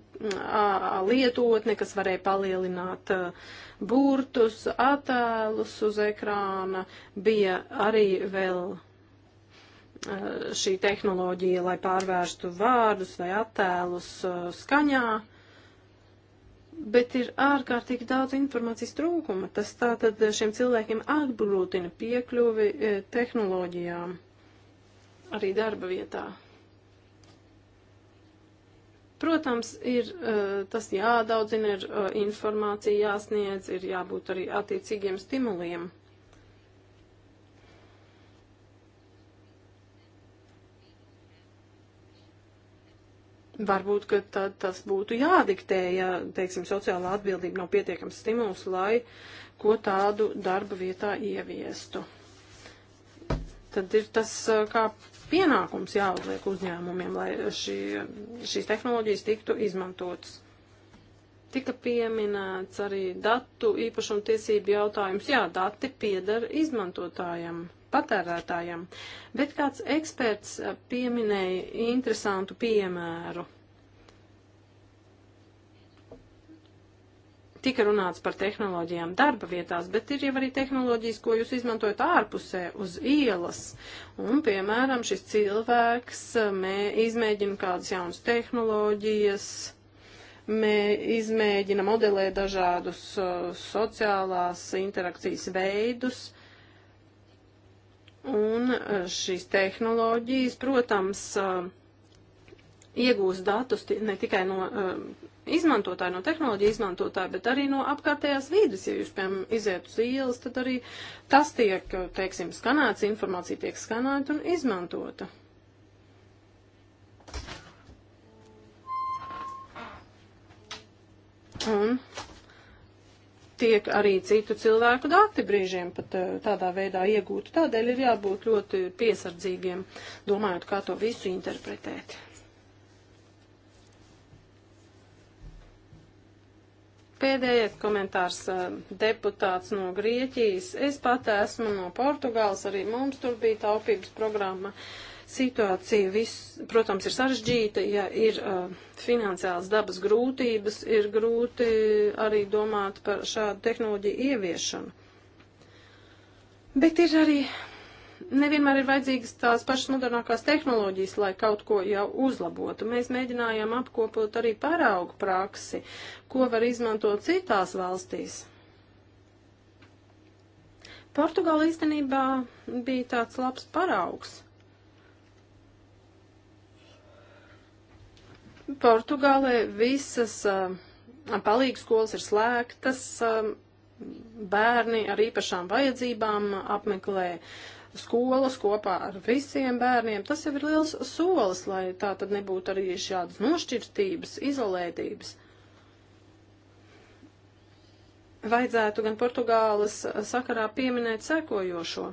[SPEAKER 2] lietotne, kas varēja palielināt uh, burtus, attēlus uz ekrāna, bija arī vēl uh, šī tehnoloģija, lai pārvērstu vārdus vai attēlus skaņā bet ir ārkārtīgi daudz informācijas trūkuma. Tas tātad šiem cilvēkiem atgrūtina piekļuvi eh, tehnoloģijām arī darba vietā. Protams, ir eh, tas jādaudzina, ir eh, informācija jāsniedz, ir jābūt arī attiecīgiem stimuliem. Varbūt, ka tad tas būtu jādiktē, ja, teiksim, sociālā atbildība nav pietiekams stimuls, lai ko tādu darba vietā ieviestu tad ir tas kā pienākums jāuzliek uzņēmumiem, lai šī, šīs tehnoloģijas tiktu izmantotas. Tika pieminēts arī datu īpašuma tiesību jautājums. Jā, dati piedara izmantotājiem, patērētājiem, bet kāds eksperts pieminēja interesantu piemēru Tika runāts par tehnoloģijām darba vietās, bet ir jau arī tehnoloģijas, ko jūs izmantojat ārpusē uz ielas. Un, piemēram, šis cilvēks uh, mē, izmēģina kādas jaunas tehnoloģijas izmēģina modelēt dažādus uh, sociālās interakcijas veidus. Un uh, šīs tehnoloģijas, protams, uh, iegūst datus ne tikai no uh, izmantotāji, no tehnoloģija izmantotāji, bet arī no apkārtējās vīdes. Ja jūs, piemēram, iziet uz ielas, tad arī tas tiek, teiksim, skanēts, informācija tiek skanēta un izmantota. Un tiek arī citu cilvēku dati brīžiem pat eh, tādā veidā iegūti. Tādēļ ir jābūt ļoti piesardzīgiem, domājot, kā to visu interpretēt. Pēdējais komentārs eh, deputāts no Grieķijas. Es pat esmu no Portugāles, arī mums tur bija taupības programma. Situācija, vis, protams, ir sarežģīta, ja ir uh, finansiāls dabas grūtības, ir grūti arī domāt par šādu tehnoloģiju ieviešanu. Bet ir arī nevienmēr ir vajadzīgas tās pašas modernākās tehnoloģijas, lai kaut ko jau uzlabotu. Mēs mēģinājām apkopot arī paraugu praksi, ko var izmantot citās valstīs. Portugāla īstenībā bija tāds labs paraugs. Portugālē visas uh, palīgas skolas ir slēgtas, uh, bērni ar īpašām vajadzībām apmeklē uh, skolas kopā ar visiem bērniem. Tas jau ir liels solis, lai tā tad nebūtu arī šādas nošķirtības, izolētības. Vajadzētu gan Portugāles sakarā pieminēt sekojošo.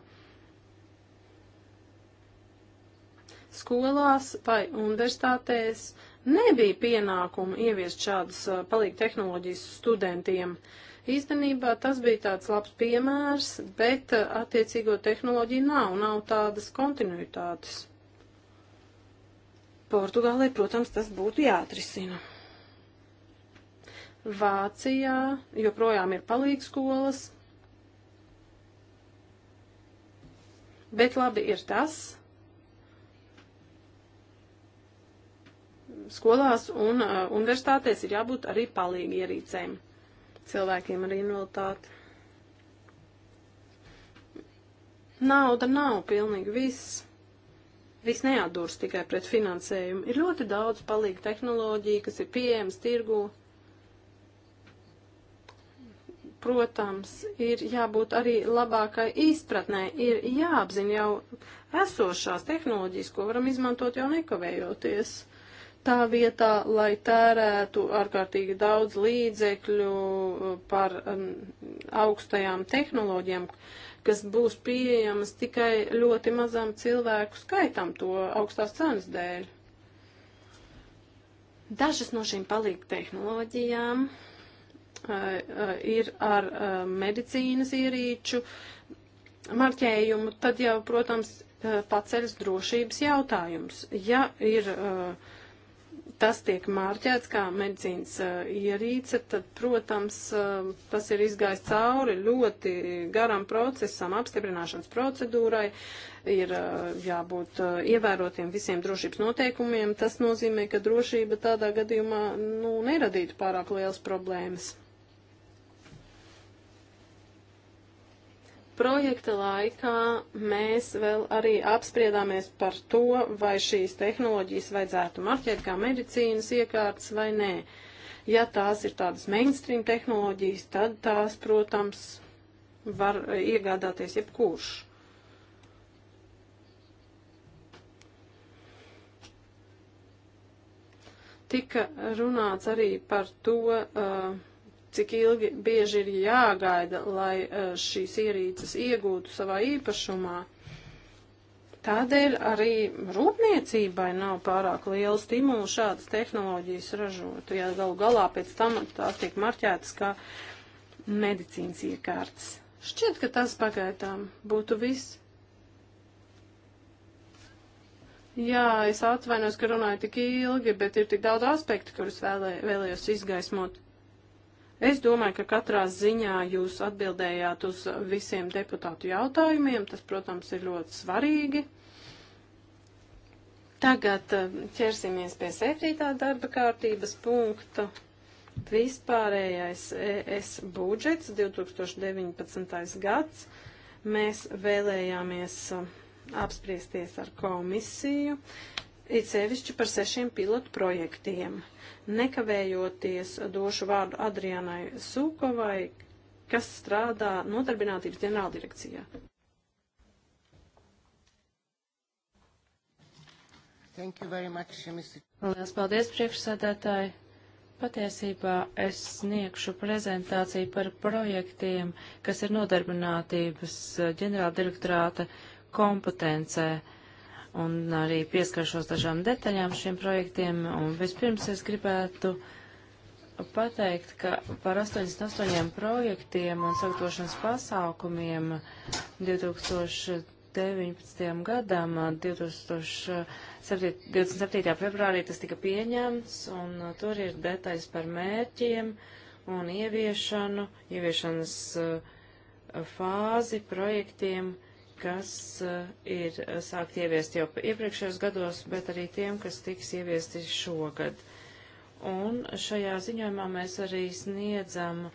[SPEAKER 2] Skolās vai universitātēs nebija pienākumu ieviest šādas palīga tehnoloģijas studentiem. Uh, Īstenībā tas bija tāds labs piemērs, bet uh, attiecīgo tehnoloģiju nav, nav tādas kontinuitātes. Portugālē, protams, tas būtu jāatrisina. Vācijā joprojām ir palīgskolas, bet labi ir tas, skolās un uh, universitātēs ir jābūt arī palīgi ierīcēm cilvēkiem ar invaliditāti. Nauda nav pilnīgi viss. Viss neatdūrs tikai pret finansējumu. Ir ļoti daudz palīgu tehnoloģiju, kas ir pieejams tirgū. Protams, ir jābūt arī labākai izpratnē, ir jāapzina jau esošās tehnoloģijas, ko varam izmantot jau nekavējoties tā vietā, lai tērētu ārkārtīgi daudz līdzekļu uh, par um, augstajām tehnoloģijām, kas būs pieejamas tikai ļoti mazam cilvēku skaitam to augstās cenas dēļ. Dažas no šīm palīga tehnoloģijām uh, uh, ir ar uh, medicīnas ierīču marķējumu, tad jau, protams, uh, paceļas drošības jautājums. Ja ir uh, tas tiek mārķēts kā medicīnas uh, ierīce, tad, protams, uh, tas ir izgājis cauri ļoti garam procesam, apstiprināšanas procedūrai, ir uh, jābūt uh, ievērotiem visiem drošības noteikumiem. Tas nozīmē, ka drošība tādā gadījumā nu, neradītu pārāk liels problēmas. Projekta laikā mēs vēl arī apspriedāmies par to, vai šīs tehnoloģijas vajadzētu marķēt kā medicīnas iekārtas vai nē. Ja tās ir tādas mainstream tehnoloģijas, tad tās, protams, var iegādāties jebkurš. Tika runāts arī par to, uh, cik ilgi bieži ir jāgaida, lai eh, šīs ierīces iegūtu savā īpašumā. Tādēļ arī rūpniecībai nav pārāk liela stimula šādas tehnoloģijas ražot, ja galu galā pēc tam tās tiek marķētas kā medicīnas iekārtas. Šķiet, ka tas pagaidām būtu viss. Jā, es atvainos, ka runāju tik ilgi, bet ir tik daudz aspektu, kurus vēlē, vēlējos izgaismot. Es domāju, ka katrā ziņā jūs atbildējāt uz visiem deputātu jautājumiem. Tas, protams, ir ļoti svarīgi. Tagad eh, ķersimies pie septītā darba kārtības punkta. Vispārējais ES budžets 2019. gads. Mēs vēlējāmies eh, apspriesties ar komisiju. Uh, it sevišķi par sešiem pilotu projektiem. Nekavējoties došu vārdu Adrianai Sūkovai, kas strādā nodarbinātības ģenerāldirekcijā. Thank you very much, Mr. Lielas paldies,
[SPEAKER 1] priekšsēdētāji. Patiesībā es sniegšu prezentāciju par projektiem, kas ir nodarbinātības eh, ģenerāldirektorāta kompetencē. Uh, un arī pieskaršos dažām detaļām šiem projektiem. Un vispirms es gribētu pateikt, ka par 88 projektiem un sagatavošanas pasākumiem 2019. gadam, 27. februārī tas tika pieņemts, un uh, tur ir detaļas par mērķiem un ieviešanu, ieviešanas uh, fāzi projektiem kas eh, ir eh, sākt ieviest jau iepriekšējos gados, bet arī tiem, kas tiks ieviesti šogad. Un šajā ziņojumā mēs arī sniedzam uh,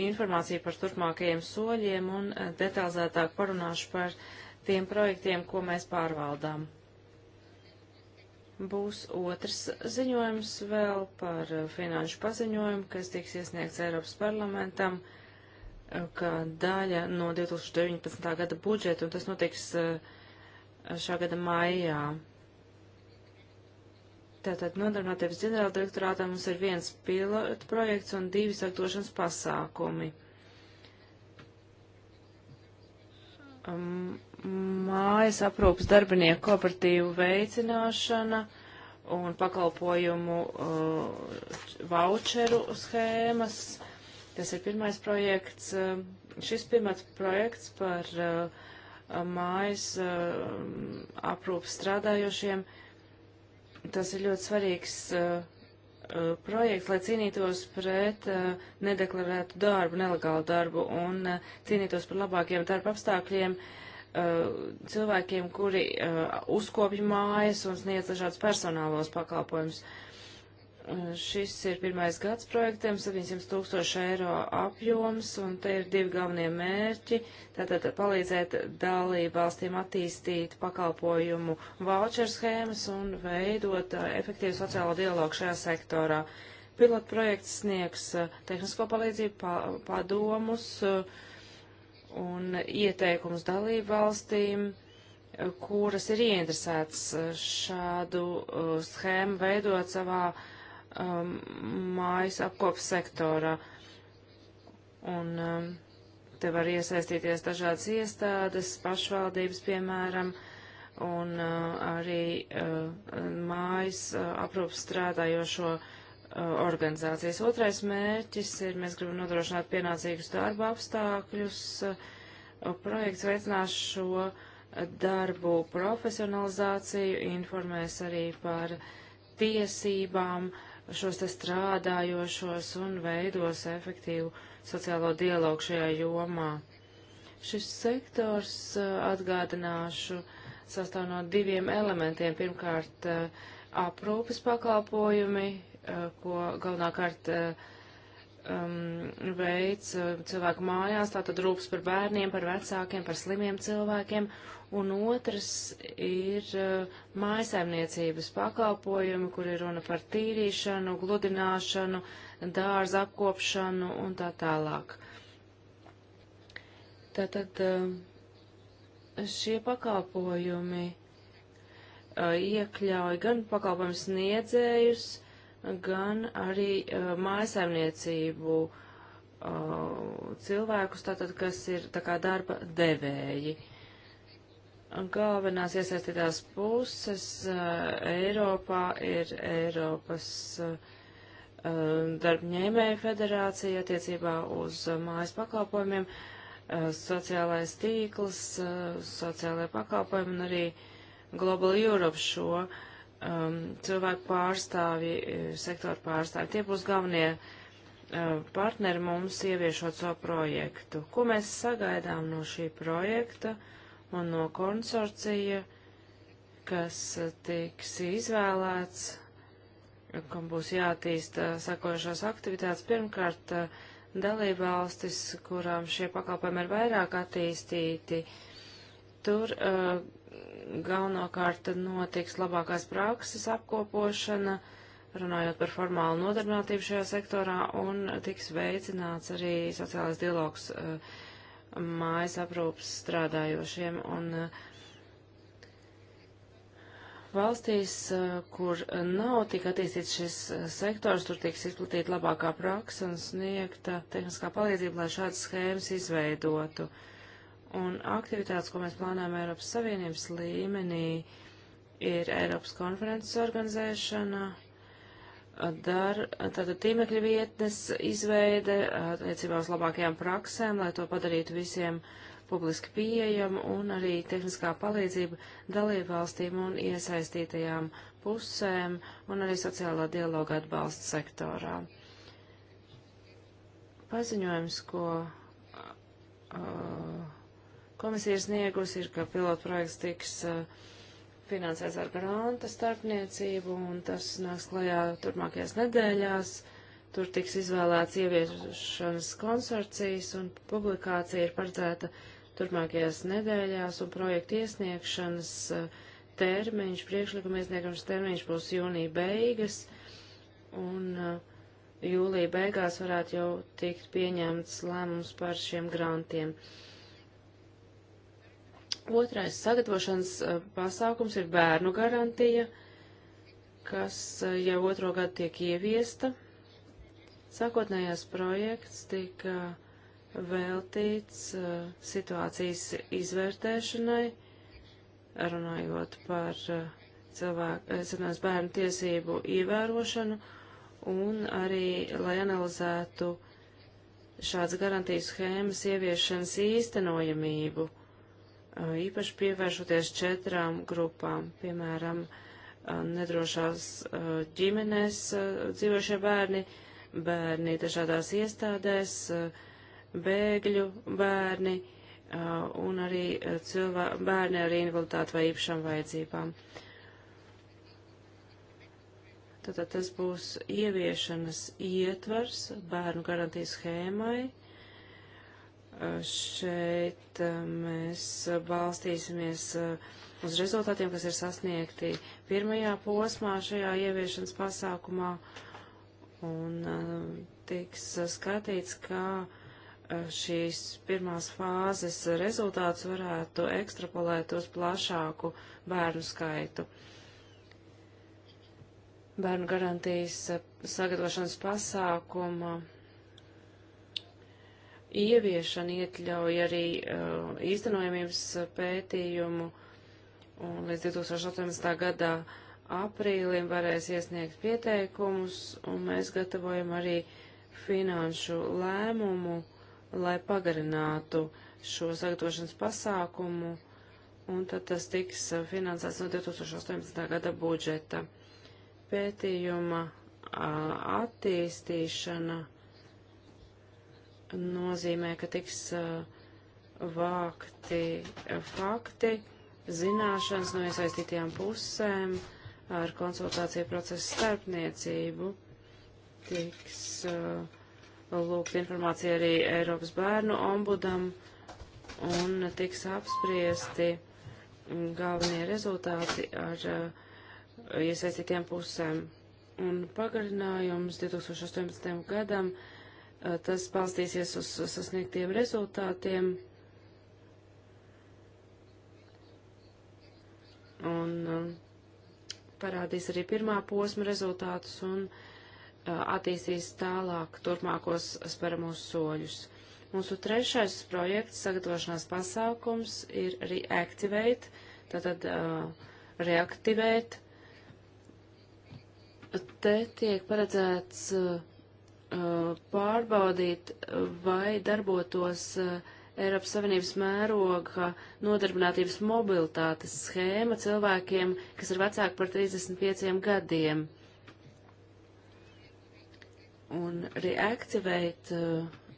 [SPEAKER 1] informāciju par turpmākajiem soļiem un detalizētāk parunāšu par tiem projektiem, ko mēs pārvaldām. Būs otrs ziņojums vēl par finanšu paziņojumu, kas tiks iesniegts Eiropas parlamentam. Uh, kā daļa no 2019. gada budžeta, un tas notiks eh, šā gada maijā. Tātad nodarbinātības ģenerāldirektorātā mums ir viens pilotu projekts un divi sagatavošanas pasākumi. Um, mājas aprūpas darbinieku kooperatīvu veicināšana un pakalpojumu uh, voucheru schēmas. Uh, Tas ir pirmais projekts. Um, šis pirmais projekts par uh, mājas uh, aprūpas strādājošiem. Tas ir ļoti svarīgs uh, projekts, lai cīnītos pret nedeklarētu darbu, nelegālu darbu un cīnītos par labākiem darba apstākļiem cilvēkiem, kuri uzkopja mājas un sniedz dažādas personālos pakalpojumus. Šis ir pirmais gads projektiem, 700 tūkstoši eiro apjoms, un te ir divi galvenie mērķi. Tātad palīdzēt dalību valstīm attīstīt pakalpojumu voucher schēmas un veidot uh, efektīvu sociālo dialogu šajā sektorā. Pilot projekts sniegs uh, tehnisko palīdzību, padomus uh, un ieteikumus dalību valstīm kuras ir ieinteresētas šādu uh, schēmu veidot savā uh, um, mājas apkopas sektorā. Un um, te var iesaistīties dažādas iestādes, pašvaldības, piemēram, un uh, arī uh, mājas uh, aprūpas strādājošo uh, organizācijas. Otrais mērķis ir, mēs gribam nodrošināt pienācīgus darba apstākļus. Uh, projekts veicinās šo uh, darbu profesionalizāciju, informēs arī par tiesībām, uh, šos te strādājošos un veidos efektīvu sociālo dialogu šajā jomā. Šis sektors, eh, atgādināšu, sastāv no diviem elementiem. Pirmkārt, eh, aprūpes pakalpojumi, eh, ko galvenokārt uh, um, veids uh, cilvēku mājās, tātad rūps par bērniem, par vecākiem, par slimiem cilvēkiem, un otrs ir uh, mājasaimniecības pakalpojumi, kur ir runa par tīrīšanu, gludināšanu, dārza apkopšanu un tā tālāk. Tātad uh, šie pakalpojumi uh, iekļauj gan pakalpojumu sniedzējus, gan arī uh, mājasaimniecību uh, cilvēkus, tātad, kas ir tā kā darba devēji. Galvenās iesaistītās puses uh, Eiropā ir Eiropas uh, um, darbņēmēju federācija attiecībā uz uh, mājas pakalpojumiem, uh, sociālais tīkls, sociālajie pakalpojumi un arī Global Europe šo uh, um, cilvēku pārstāvji, e, sektoru pārstāvji. Tie būs galvenie uh, partneri mums ieviešot šo so projektu. Ko mēs sagaidām no šī projekta un no konsorcija, kas tiks izvēlēts, kam būs jātīsta e, sakojušās aktivitātes. Pirmkārt, dalībvalstis, kurām šie pakalpojumi ir vairāk attīstīti, tur uh, galvenokārt notiks labākās prakses apkopošana, runājot par formālu nodarbinātību šajā sektorā, un tiks veicināts arī sociālais dialogs uh, mājas aprūpas strādājošiem. Un uh, valstīs, uh, kur nav tik attīstīts šis sektors, tur tiks izplatīta labākā praksa un sniegta tehniskā palīdzība, lai šādas schēmas izveidotu. Uh, un aktivitātes, ko mēs plānojam Eiropas Savienības līmenī, ir Eiropas konferences organizēšana, dar, tātad tīmekļa vietnes izveide attiecībā uz labākajām praksēm, lai to padarītu visiem publiski pieejamu, un arī tehniskā palīdzība dalībvalstīm un iesaistītajām pusēm, un arī sociālā dialoga atbalsta sektorā. Paziņojums, ko uh, komisija ir sniegusi, ir, ka pilotprojekts tiks uh, finansēts ar grānta starpniecību, un tas nāks klajā turpmākajās nedēļās. Tur tiks izvēlēts ieviešanas konsorcijas, un publikācija ir paredzēta turpmākajās nedēļās, un projekta iesniegšanas uh, termiņš, priekšlikuma iesniegšanas termiņš būs jūnija beigas, un uh, jūlija beigās varētu jau tikt pieņemts lēmums par šiem grantiem. Uh, Otrais sagatavošanas eh, pasākums ir bērnu garantija, kas eh, jau otro gadu tiek ieviesta. Sākotnējās projekts tika eh, veltīts situācijas izvērtēšanai, runājot par cilvēku, zinās, bērnu tiesību ievērošanu un arī, lai analizētu šāds garantijas schēmas ieviešanas īstenojamību īpaši pievēršoties četrām grupām, piemēram, nedrošās ģimenēs dzīvošie bērni, bērni dažādās iestādēs, bēgļu bērni un arī cilvē, bērni ar invaliditāti vai īpašām vajadzībām. Tātad tas būs ieviešanas ietvars bērnu garantijas schēmai Šeit eh, mēs balstīsimies eh, uz rezultātiem, kas ir sasniegti pirmajā posmā šajā ieviešanas pasākumā, un eh, tiks skatīts, kā šīs pirmās fāzes rezultāts varētu ekstrapolēt uz plašāku bērnu skaitu. Bērnu garantijas sagatavošanas pasākuma ieviešana ietļauj arī uh, īstenojamības uh, pētījumu, un līdz 2018. gadā aprīlim varēs iesniegt pieteikumus, un mēs gatavojam arī finanšu lēmumu, lai pagarinātu šo sagatavošanas pasākumu, un tad tas tiks uh, finansēts no 2018. gada budžeta. Pētījuma uh, attīstīšana nozīmē, ka tiks uh, vākti uh, fakti, zināšanas no iesaistītajām pusēm ar konsultāciju procesu starpniecību. Tiks uh, lūgt informācija arī Eiropas bērnu ombudam un tiks apspriesti galvenie rezultāti ar iesaistītiem pusēm. Un pagarinājums 2018. gadam Eh, tas balstīsies uz sasniegtiem rezultātiem. Un eh, parādīs arī pirmā posma rezultātus un eh, attīstīs tālāk turpmākos sparamos soļus. Mūsu trešais projekts sagatavošanās pasākums ir reactivate, tātad uh, reaktivēt. Te tiek paredzēts uh, Uh, pārbaudīt, vai darbotos uh, Eiropas Savienības mēroga nodarbinātības mobilitātes schēma cilvēkiem, kas ir vecāki par 35 gadiem. Un Reactivate uh,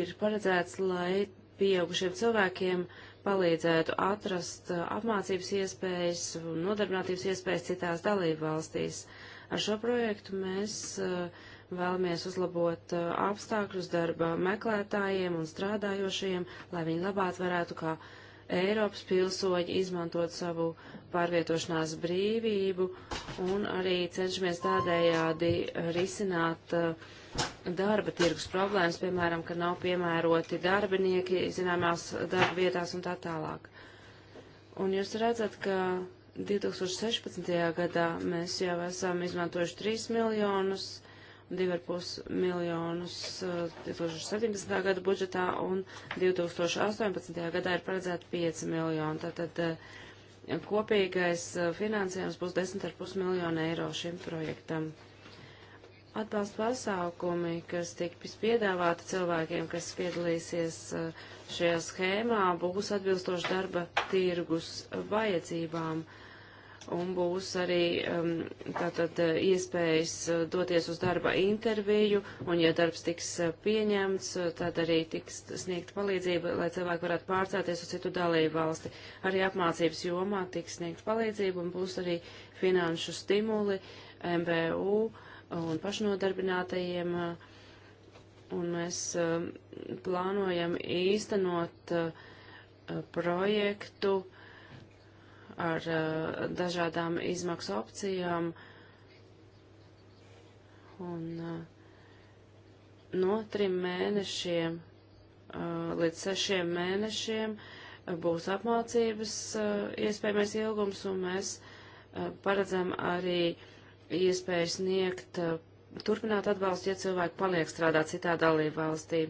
[SPEAKER 1] ir paredzēts, lai pieaugušiem cilvēkiem palīdzētu atrast apmācības iespējas, nodarbinātības iespējas citās dalību valstīs. Ar šo projektu mēs uh, vēlamies uzlabot uh, apstākļus darba meklētājiem un strādājošiem, lai viņi labāk varētu kā Eiropas pilsoņi izmantot savu pārvietošanās brīvību un arī cenšamies tādējādi risināt uh, darba tirgus problēmas, piemēram, ka nav piemēroti darbinieki zināmās darba vietās un tā tālāk. Un jūs redzat, ka 2016. gadā mēs jau esam izmantojuši 3 miljonus 2,5 miljonus 2017. Eh, gada budžetā un 2018. gadā ir paredzēta 5 miljoni. Tātad eh, kopīgais eh, finansējums būs 10,5 miljonu eiro šim projektam. Atbalsta pasākumi, kas tiks piedāvāti cilvēkiem, kas piedalīsies šajā schēmā, būs atbilstoši darba tirgus vajadzībām. Uh, un būs arī um, tātad uh, iespējas uh, doties uz darba interviju, un ja darbs tiks uh, pieņemts, tad arī tiks sniegt palīdzību, lai cilvēki varētu pārcēties uz citu dalību valsti. Arī apmācības jomā tiks sniegt palīdzību, un būs arī finanšu stimuli MBU un pašnodarbinātajiem, un mēs um, plānojam īstenot uh, projektu, uh, ar uh, dažādām izmaksu opcijām. Un uh, no trim mēnešiem uh, līdz sešiem mēnešiem būs apmācības iespējamais ilgums, un mēs paredzam arī iespēju sniegt turpināt atbalstu, ja cilvēki paliek strādāt citā dalību valstī.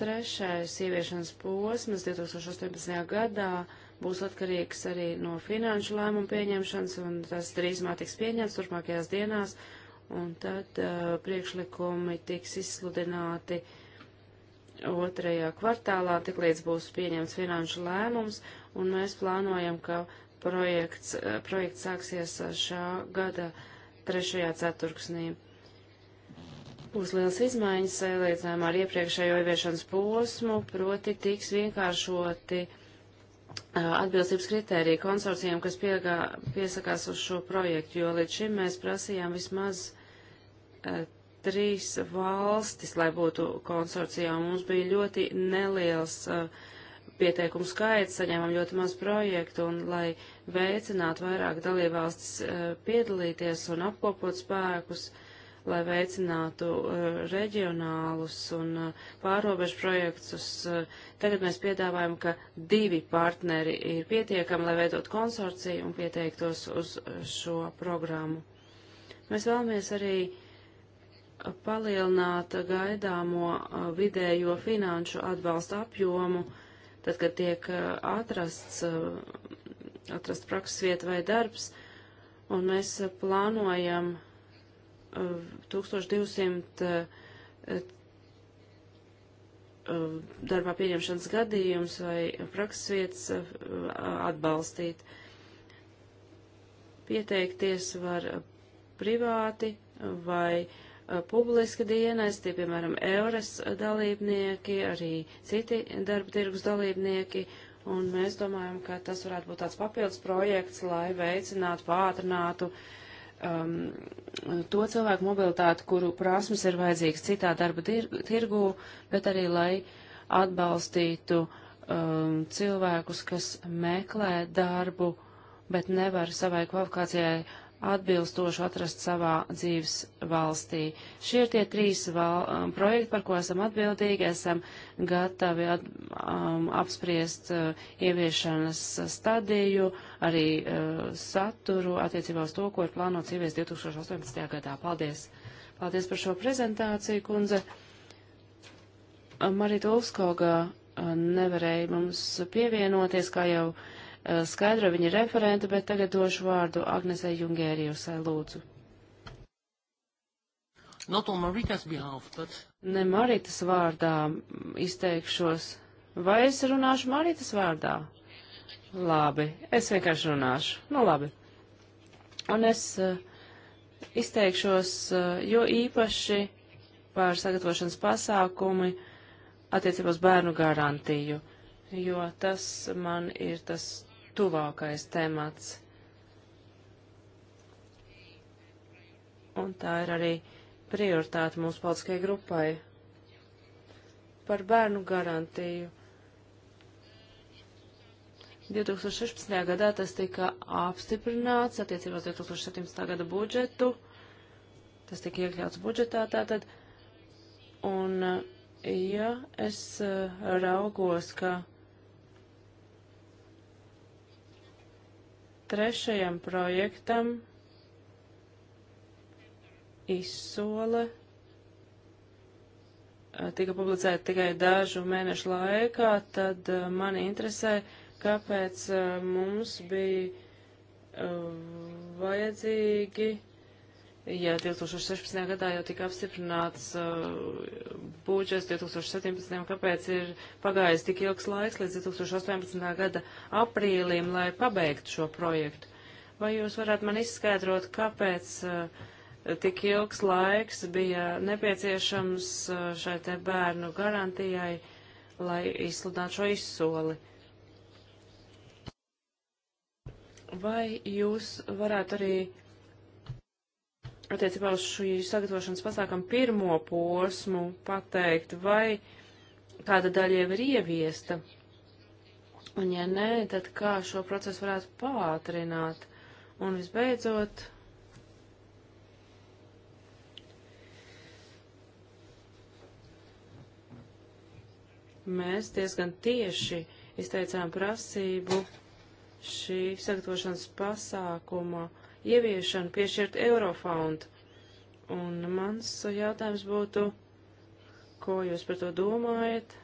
[SPEAKER 1] Trešais ieviešanas posms 2018. gadā būs atkarīgs arī no finanšu lēmumu pieņemšanas, un tas drīzumā tiks pieņemts turpmākajās dienās, un tad uh, priekšlikumi tiks izsludināti otrajā kvartālā, tik līdz būs pieņemts finanšu lēmums, un mēs plānojam, ka projekts, uh, projekts sāksies šā gada trešajā ceturksnī. Būs liels izmaiņas, salīdzinājumā ar iepriekšējo ieviešanas posmu, proti tiks vienkāršoti uh, atbilstības kritērija konsorcijiem, kas piegā, piesakās uz šo projektu, jo līdz šim mēs prasījām vismaz uh, trīs valstis, lai būtu konsorcijā, un mums bija ļoti neliels uh, pieteikumu skaits, saņēmām ļoti maz projektu, un lai veicinātu vairāk dalībvalstis uh, piedalīties un apkopot spēkus, uh, lai veicinātu uh, reģionālus un uh, pārobežu projektus. Uh, tagad mēs piedāvājam, ka divi partneri ir pietiekami, lai veidot konsorciju un pieteiktos uz šo programmu. Mēs vēlamies arī palielināt gaidāmo vidējo finanšu atbalstu apjomu, tad, kad tiek atrasts, atrast prakses vieta vai darbs, un mēs plānojam uh, 1200 eh, eh, darbā pieņemšanas gadījums vai prakses vietas eh, atbalstīt. Pieteikties var privāti vai publiski dienesti, piemēram, eures dalībnieki, arī citi darba tirgus dalībnieki, un mēs domājam, ka tas varētu būt tāds papildus projekts, lai veicinātu, pātrinātu uh, um, to cilvēku mobilitāti, kuru prasmes ir vajadzīgas citā darba tirgū, bet arī lai atbalstītu um, cilvēkus, kas meklē darbu, bet nevar savai kvalifikācijai atbilstoši atrast savā dzīves valstī. Šie ir tie trīs val, um, projekti, par ko esam atbildīgi, esam gatavi at, um, apspriest uh, ieviešanas stadiju, arī uh, saturu attiecībā uz to, ko ir plānots ievies 2018. gadā. Paldies! Paldies par šo prezentāciju, kundze! Marita Ulfskoga uh, nevarēja mums pievienoties, kā jau uh, Eh, skaidro, viņa ir referente, bet tagad došu vārdu Agnesē Jungērijusai lūdzu.
[SPEAKER 2] Not on Marita's behalf, but... Ne Maritas
[SPEAKER 1] vārdā izteikšos. Vai es runāšu Maritas vārdā? Labi, es vienkārši runāšu. Nu, labi. Un es uh, izteikšos, uh, jo īpaši par sagatavošanas pasākumi attiecībā uz bērnu garantiju, jo tas man ir tas tuvākais temats. Un tā ir arī prioritāte mūsu politiskajai grupai par bērnu garantiju. 2016. gadā tas tika apstiprināts attiecībā uz 2017. gada budžetu. Tas tika iekļauts budžetā tātad. Un, ja es eh, raugos, ka Trešajam projektam izsole eh, tika publicēta tikai dažu mēnešu laikā, tad eh, mani interesē, kāpēc eh, mums bija vajadzīgi ja 2016. gadā jau tika apstiprināts uh, budžets 2017. kāpēc ir pagājis tik ilgs laiks līdz 2018. gada aprīlim, lai pabeigtu šo projektu? Vai jūs varētu man izskaidrot, kāpēc uh, tik ilgs laiks bija nepieciešams uh, šai te bērnu garantijai, lai izsludinātu šo izsoli? Vai jūs varētu arī attiecībā uz šī sagatavošanas pasākumu pirmo posmu pateikt, vai kāda daļa jau ir ieviesta, un ja nē, tad kā šo procesu varētu pātrināt. Un visbeidzot, mēs diezgan tieši izteicām prasību šī sagatavošanas pasākuma ieviešanu piešķirt Eurofondu. Un mans jautājums būtu, ko jūs par to domājat?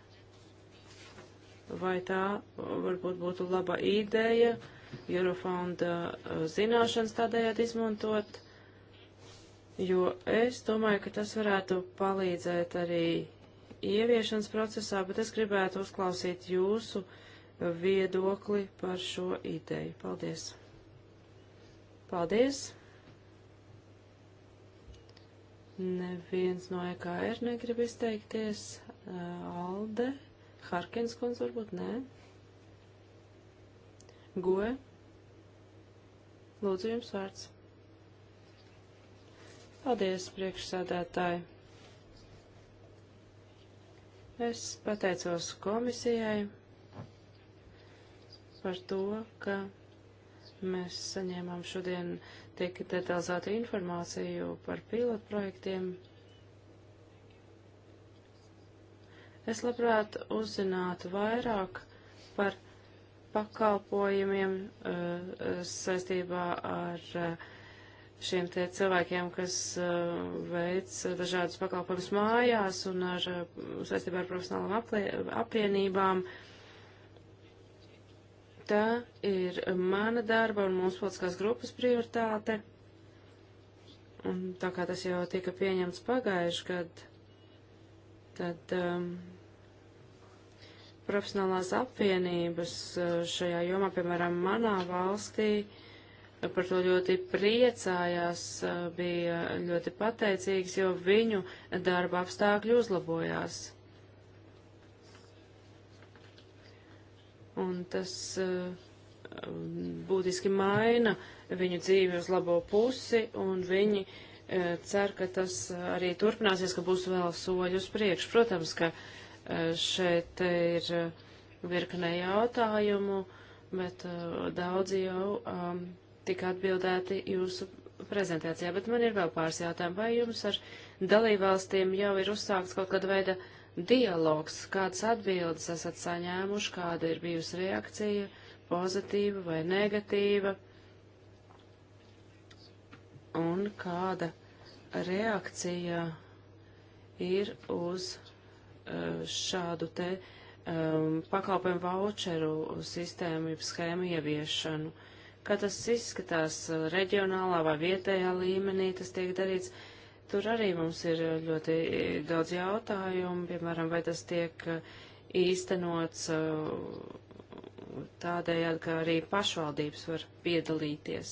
[SPEAKER 1] Vai tā varbūt būtu laba ideja Eurofonda uh, zināšanas tādējādi izmantot? Jo es domāju, ka tas varētu palīdzēt arī ieviešanas procesā, bet es gribētu uzklausīt jūsu viedokli par šo ideju. Paldies! Paldies! Neviens no EKR negrib izteikties. Uh, Alde, Harkins kundze varbūt nē. Goe, lūdzu jums vārds. Paldies, priekšsādātāji. Es pateicos komisijai par to, ka Mēs saņēmām šodien tik detalizētu informāciju par pilotprojektiem. Es labprāt uzzinātu vairāk par pakalpojumiem eh, saistībā ar eh, šiem te cilvēkiem, kas eh, veic dažādus pakalpojumus mājās un ar, saistībā ar profesionālām apvienībām. Aplie, Tā ir mana darba un mūsu politiskās grupas prioritāte. Un tā kā tas jau tika pieņemts pagājuši gadu, tad um, profesionālās apvienības uh, šajā jomā, piemēram, manā valstī, uh, par to ļoti priecājās, uh, bija ļoti pateicīgs, jo viņu darba apstākļi uzlabojās. un tas eh, būtiski maina viņu dzīvi uz labo pusi, un viņi eh, cer, ka tas arī turpināsies, ka būs vēl soļi uz priekšu. Protams, ka eh, šeit ir virkne jautājumu, bet daudzi jau um, tika atbildēti jūsu prezentācijā, bet man ir vēl pāris jautājumi. Vai jums ar dalībvalstīm jau ir uzsākts kaut kāda veida uh, dialogs, kādas atbildes esat saņēmuši, kāda ir bijusi reakcija, pozitīva vai negatīva, un kāda reakcija ir uz eh, šādu te um, pakalpojumu voucheru sistēmu, schēmu ieviešanu. Kā tas izskatās eh, reģionālā vai vietējā līmenī, tas tiek darīts. Uh, Tur arī mums ir eh, ļoti eh, daudz jautājumu, piemēram, vai tas tiek eh, īstenots tādējādi, ka arī pašvaldības var piedalīties.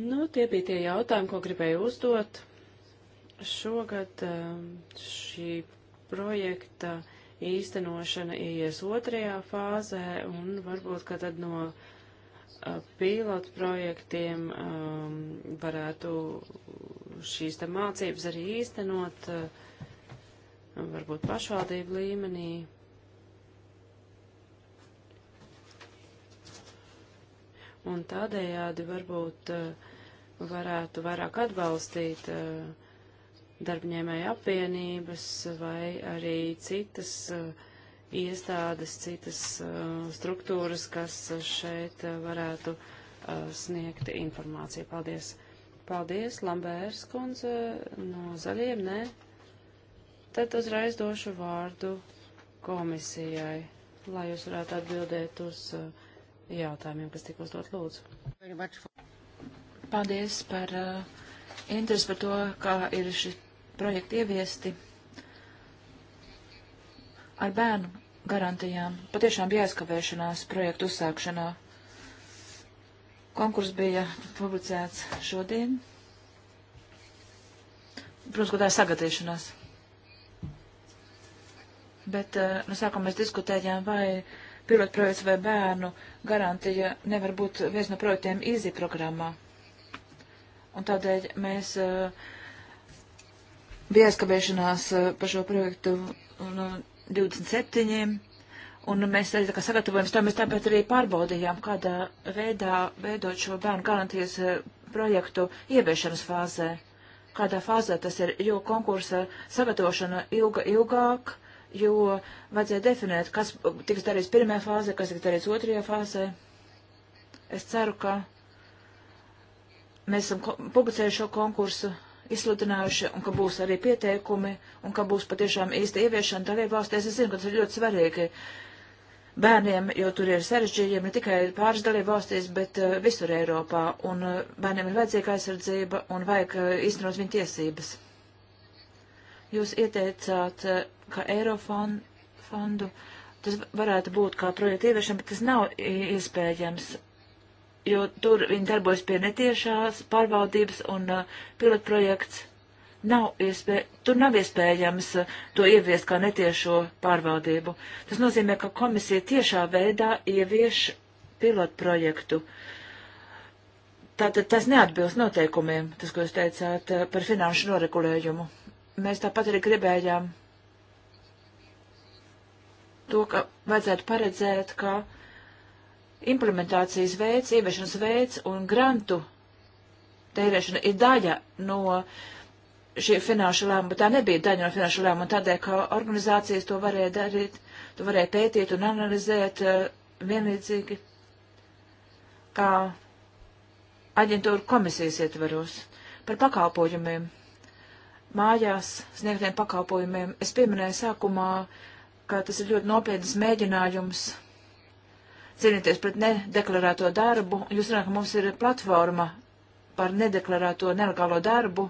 [SPEAKER 1] Nu, tie bija tie jautājumi, ko gribēju uzdot. Šogad šī projekta īstenošana ies otrajā fāzē, un varbūt, ka tad no pilotu projektiem um, varētu šīs te mācības arī īstenot, uh, varbūt pašvaldību līmenī. Un tādējādi varbūt uh, varētu vairāk atbalstīt uh, darbņēmēju apvienības vai arī citas uh, iestādes, citas uh, struktūras, kas šeit uh, varētu uh, sniegt informāciju. Paldies! Paldies, Lambērs kundze no zaļiem, nē? Tad uzreiz došu vārdu komisijai, lai jūs varētu atbildēt uz jautājumiem, kas tika uzdot lūdzu. Paldies par uh, interesi par to, kā ir šis projekti ieviesti
[SPEAKER 3] ar bērnu garantijām. Patiešām bija aizkavēšanās projektu uzsākšanā. Konkurs bija publicēts šodien. Protams, ka tā ir sagadīšanās. Bet eh, no sākuma mēs diskutējām, vai pilotprojekts vai bērnu garantija nevar būt viens no projektiem īzī programmā. Un tādēļ mēs eh, bija aizkavēšanās eh, par šo projektu un 27. Un mēs arī kā sagatavojamies tam, mēs tāpēc arī pārbaudījām, kādā veidā veidot šo bērnu garantijas eh, projektu ieviešanas fāzē. Kādā fāzē tas ir, jo konkursa sagatavošana ilga ilgāk, jo vajadzēja definēt, kas tiks darīts pirmajā fāzē, kas tiks darīts otrajā fāzē. Es ceru, ka mēs esam publicējuši šo konkursu izsludinājuši un ka būs arī pieteikumi un ka būs patiešām īsta ieviešana dalību valstīs. Es zinu, ka tas ir ļoti svarīgi bērniem, jo tur ir sarežģījumi ne tikai pāris dalību valstīs, bet uh, visur Eiropā. Un uh, bērniem ir vajadzīga aizsardzība un vajag uh, īstenot viņu tiesības. Jūs ieteicāt, ka Eirofondu tas varētu būt kā projekta ieviešana, bet tas nav iespējams jo tur viņi darbojas pie netiešās pārvaldības un uh, pilotprojekts nav iespēja, tur nav iespējams uh, to ieviest kā netiešo pārvaldību. Tas nozīmē, ka komisija tiešā veidā ievieš pilotprojektu. Tātad tas neatbilst noteikumiem, tas, ko jūs teicāt uh, par finanšu noregulējumu. Mēs tāpat arī gribējām to, ka vajadzētu paredzēt, ka uh, implementācijas veids, ieviešanas veids un grantu tērēšana ir daļa no šī finanšu lēmuma, bet tā nebija daļa no finanšu lēmuma, tādēļ, ka organizācijas to varēja darīt, to varēja pētīt un analizēt eh, vienlīdzīgi kā aģentūra komisijas ietveros par pakalpojumiem, mājās sniegtiem pakalpojumiem. Es pieminēju sākumā, ka tas ir ļoti nopietnas mēģinājums cīnīties pret nedeklarēto darbu. Jūs zināt, ka mums ir platforma par nedeklarēto nelegālo darbu,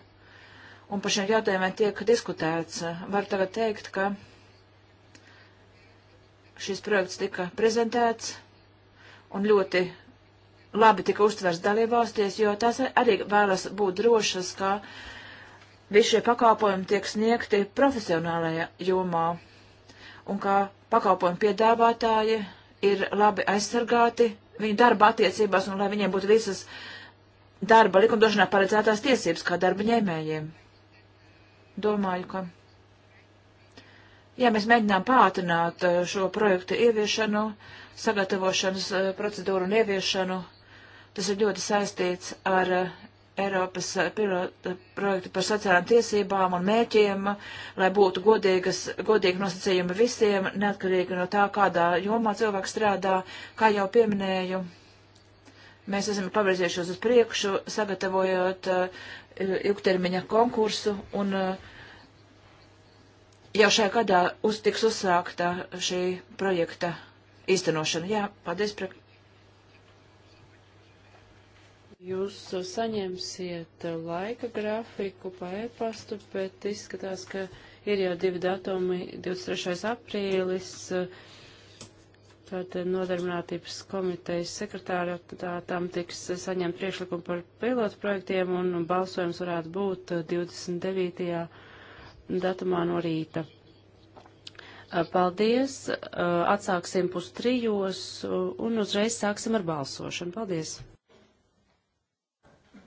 [SPEAKER 3] un par šiem jautājumiem tiek diskutēts. Var tagad teikt, ka šis projekts tika prezentēts un ļoti labi tika uztverts dalībvalstīs, jo tās arī vēlas būt drošas, ka visi šie pakalpojumi tiek sniegti profesionālajā jomā un kā pakalpojumu piedāvātāji ir labi aizsargāti viņu darba attiecībās un lai viņiem būtu visas darba likumdošanā paredzētās tiesības kā darba ņēmējiem. Domāju, ka. Jā, mēs mēģinām pātrināt eh, šo projektu ieviešanu, sagatavošanas eh, procedūru un ieviešanu. Tas ir ļoti saistīts ar uh, Eiropas eh, pilota eh, projektu par sociālām tiesībām un mērķiem, lai būtu godīgas, godīgi nosacījumi visiem, neatkarīgi no tā, kādā jomā cilvēks strādā. Kā jau pieminēju, mēs esam pavirzījušies uz priekšu, sagatavojot uh, ilgtermiņa konkursu un uh, jau šajā gadā uz, tiks uzsākta šī projekta īstenošana. Jā, paldies, priekš
[SPEAKER 1] Jūs saņemsiet uh, laika grafiku pa e-pastu, bet izskatās, ka ir jau divi datumi - 23. aprīlis, uh, tātad nodarbinātības komitejas sekretāram tiks saņemt priekšlikumu par pilotu projektiem, un balsojums varētu būt 29. Uh, datumā no rīta. Paldies, atsāksim pus trijos un uzreiz sāksim ar balsošanu. Paldies!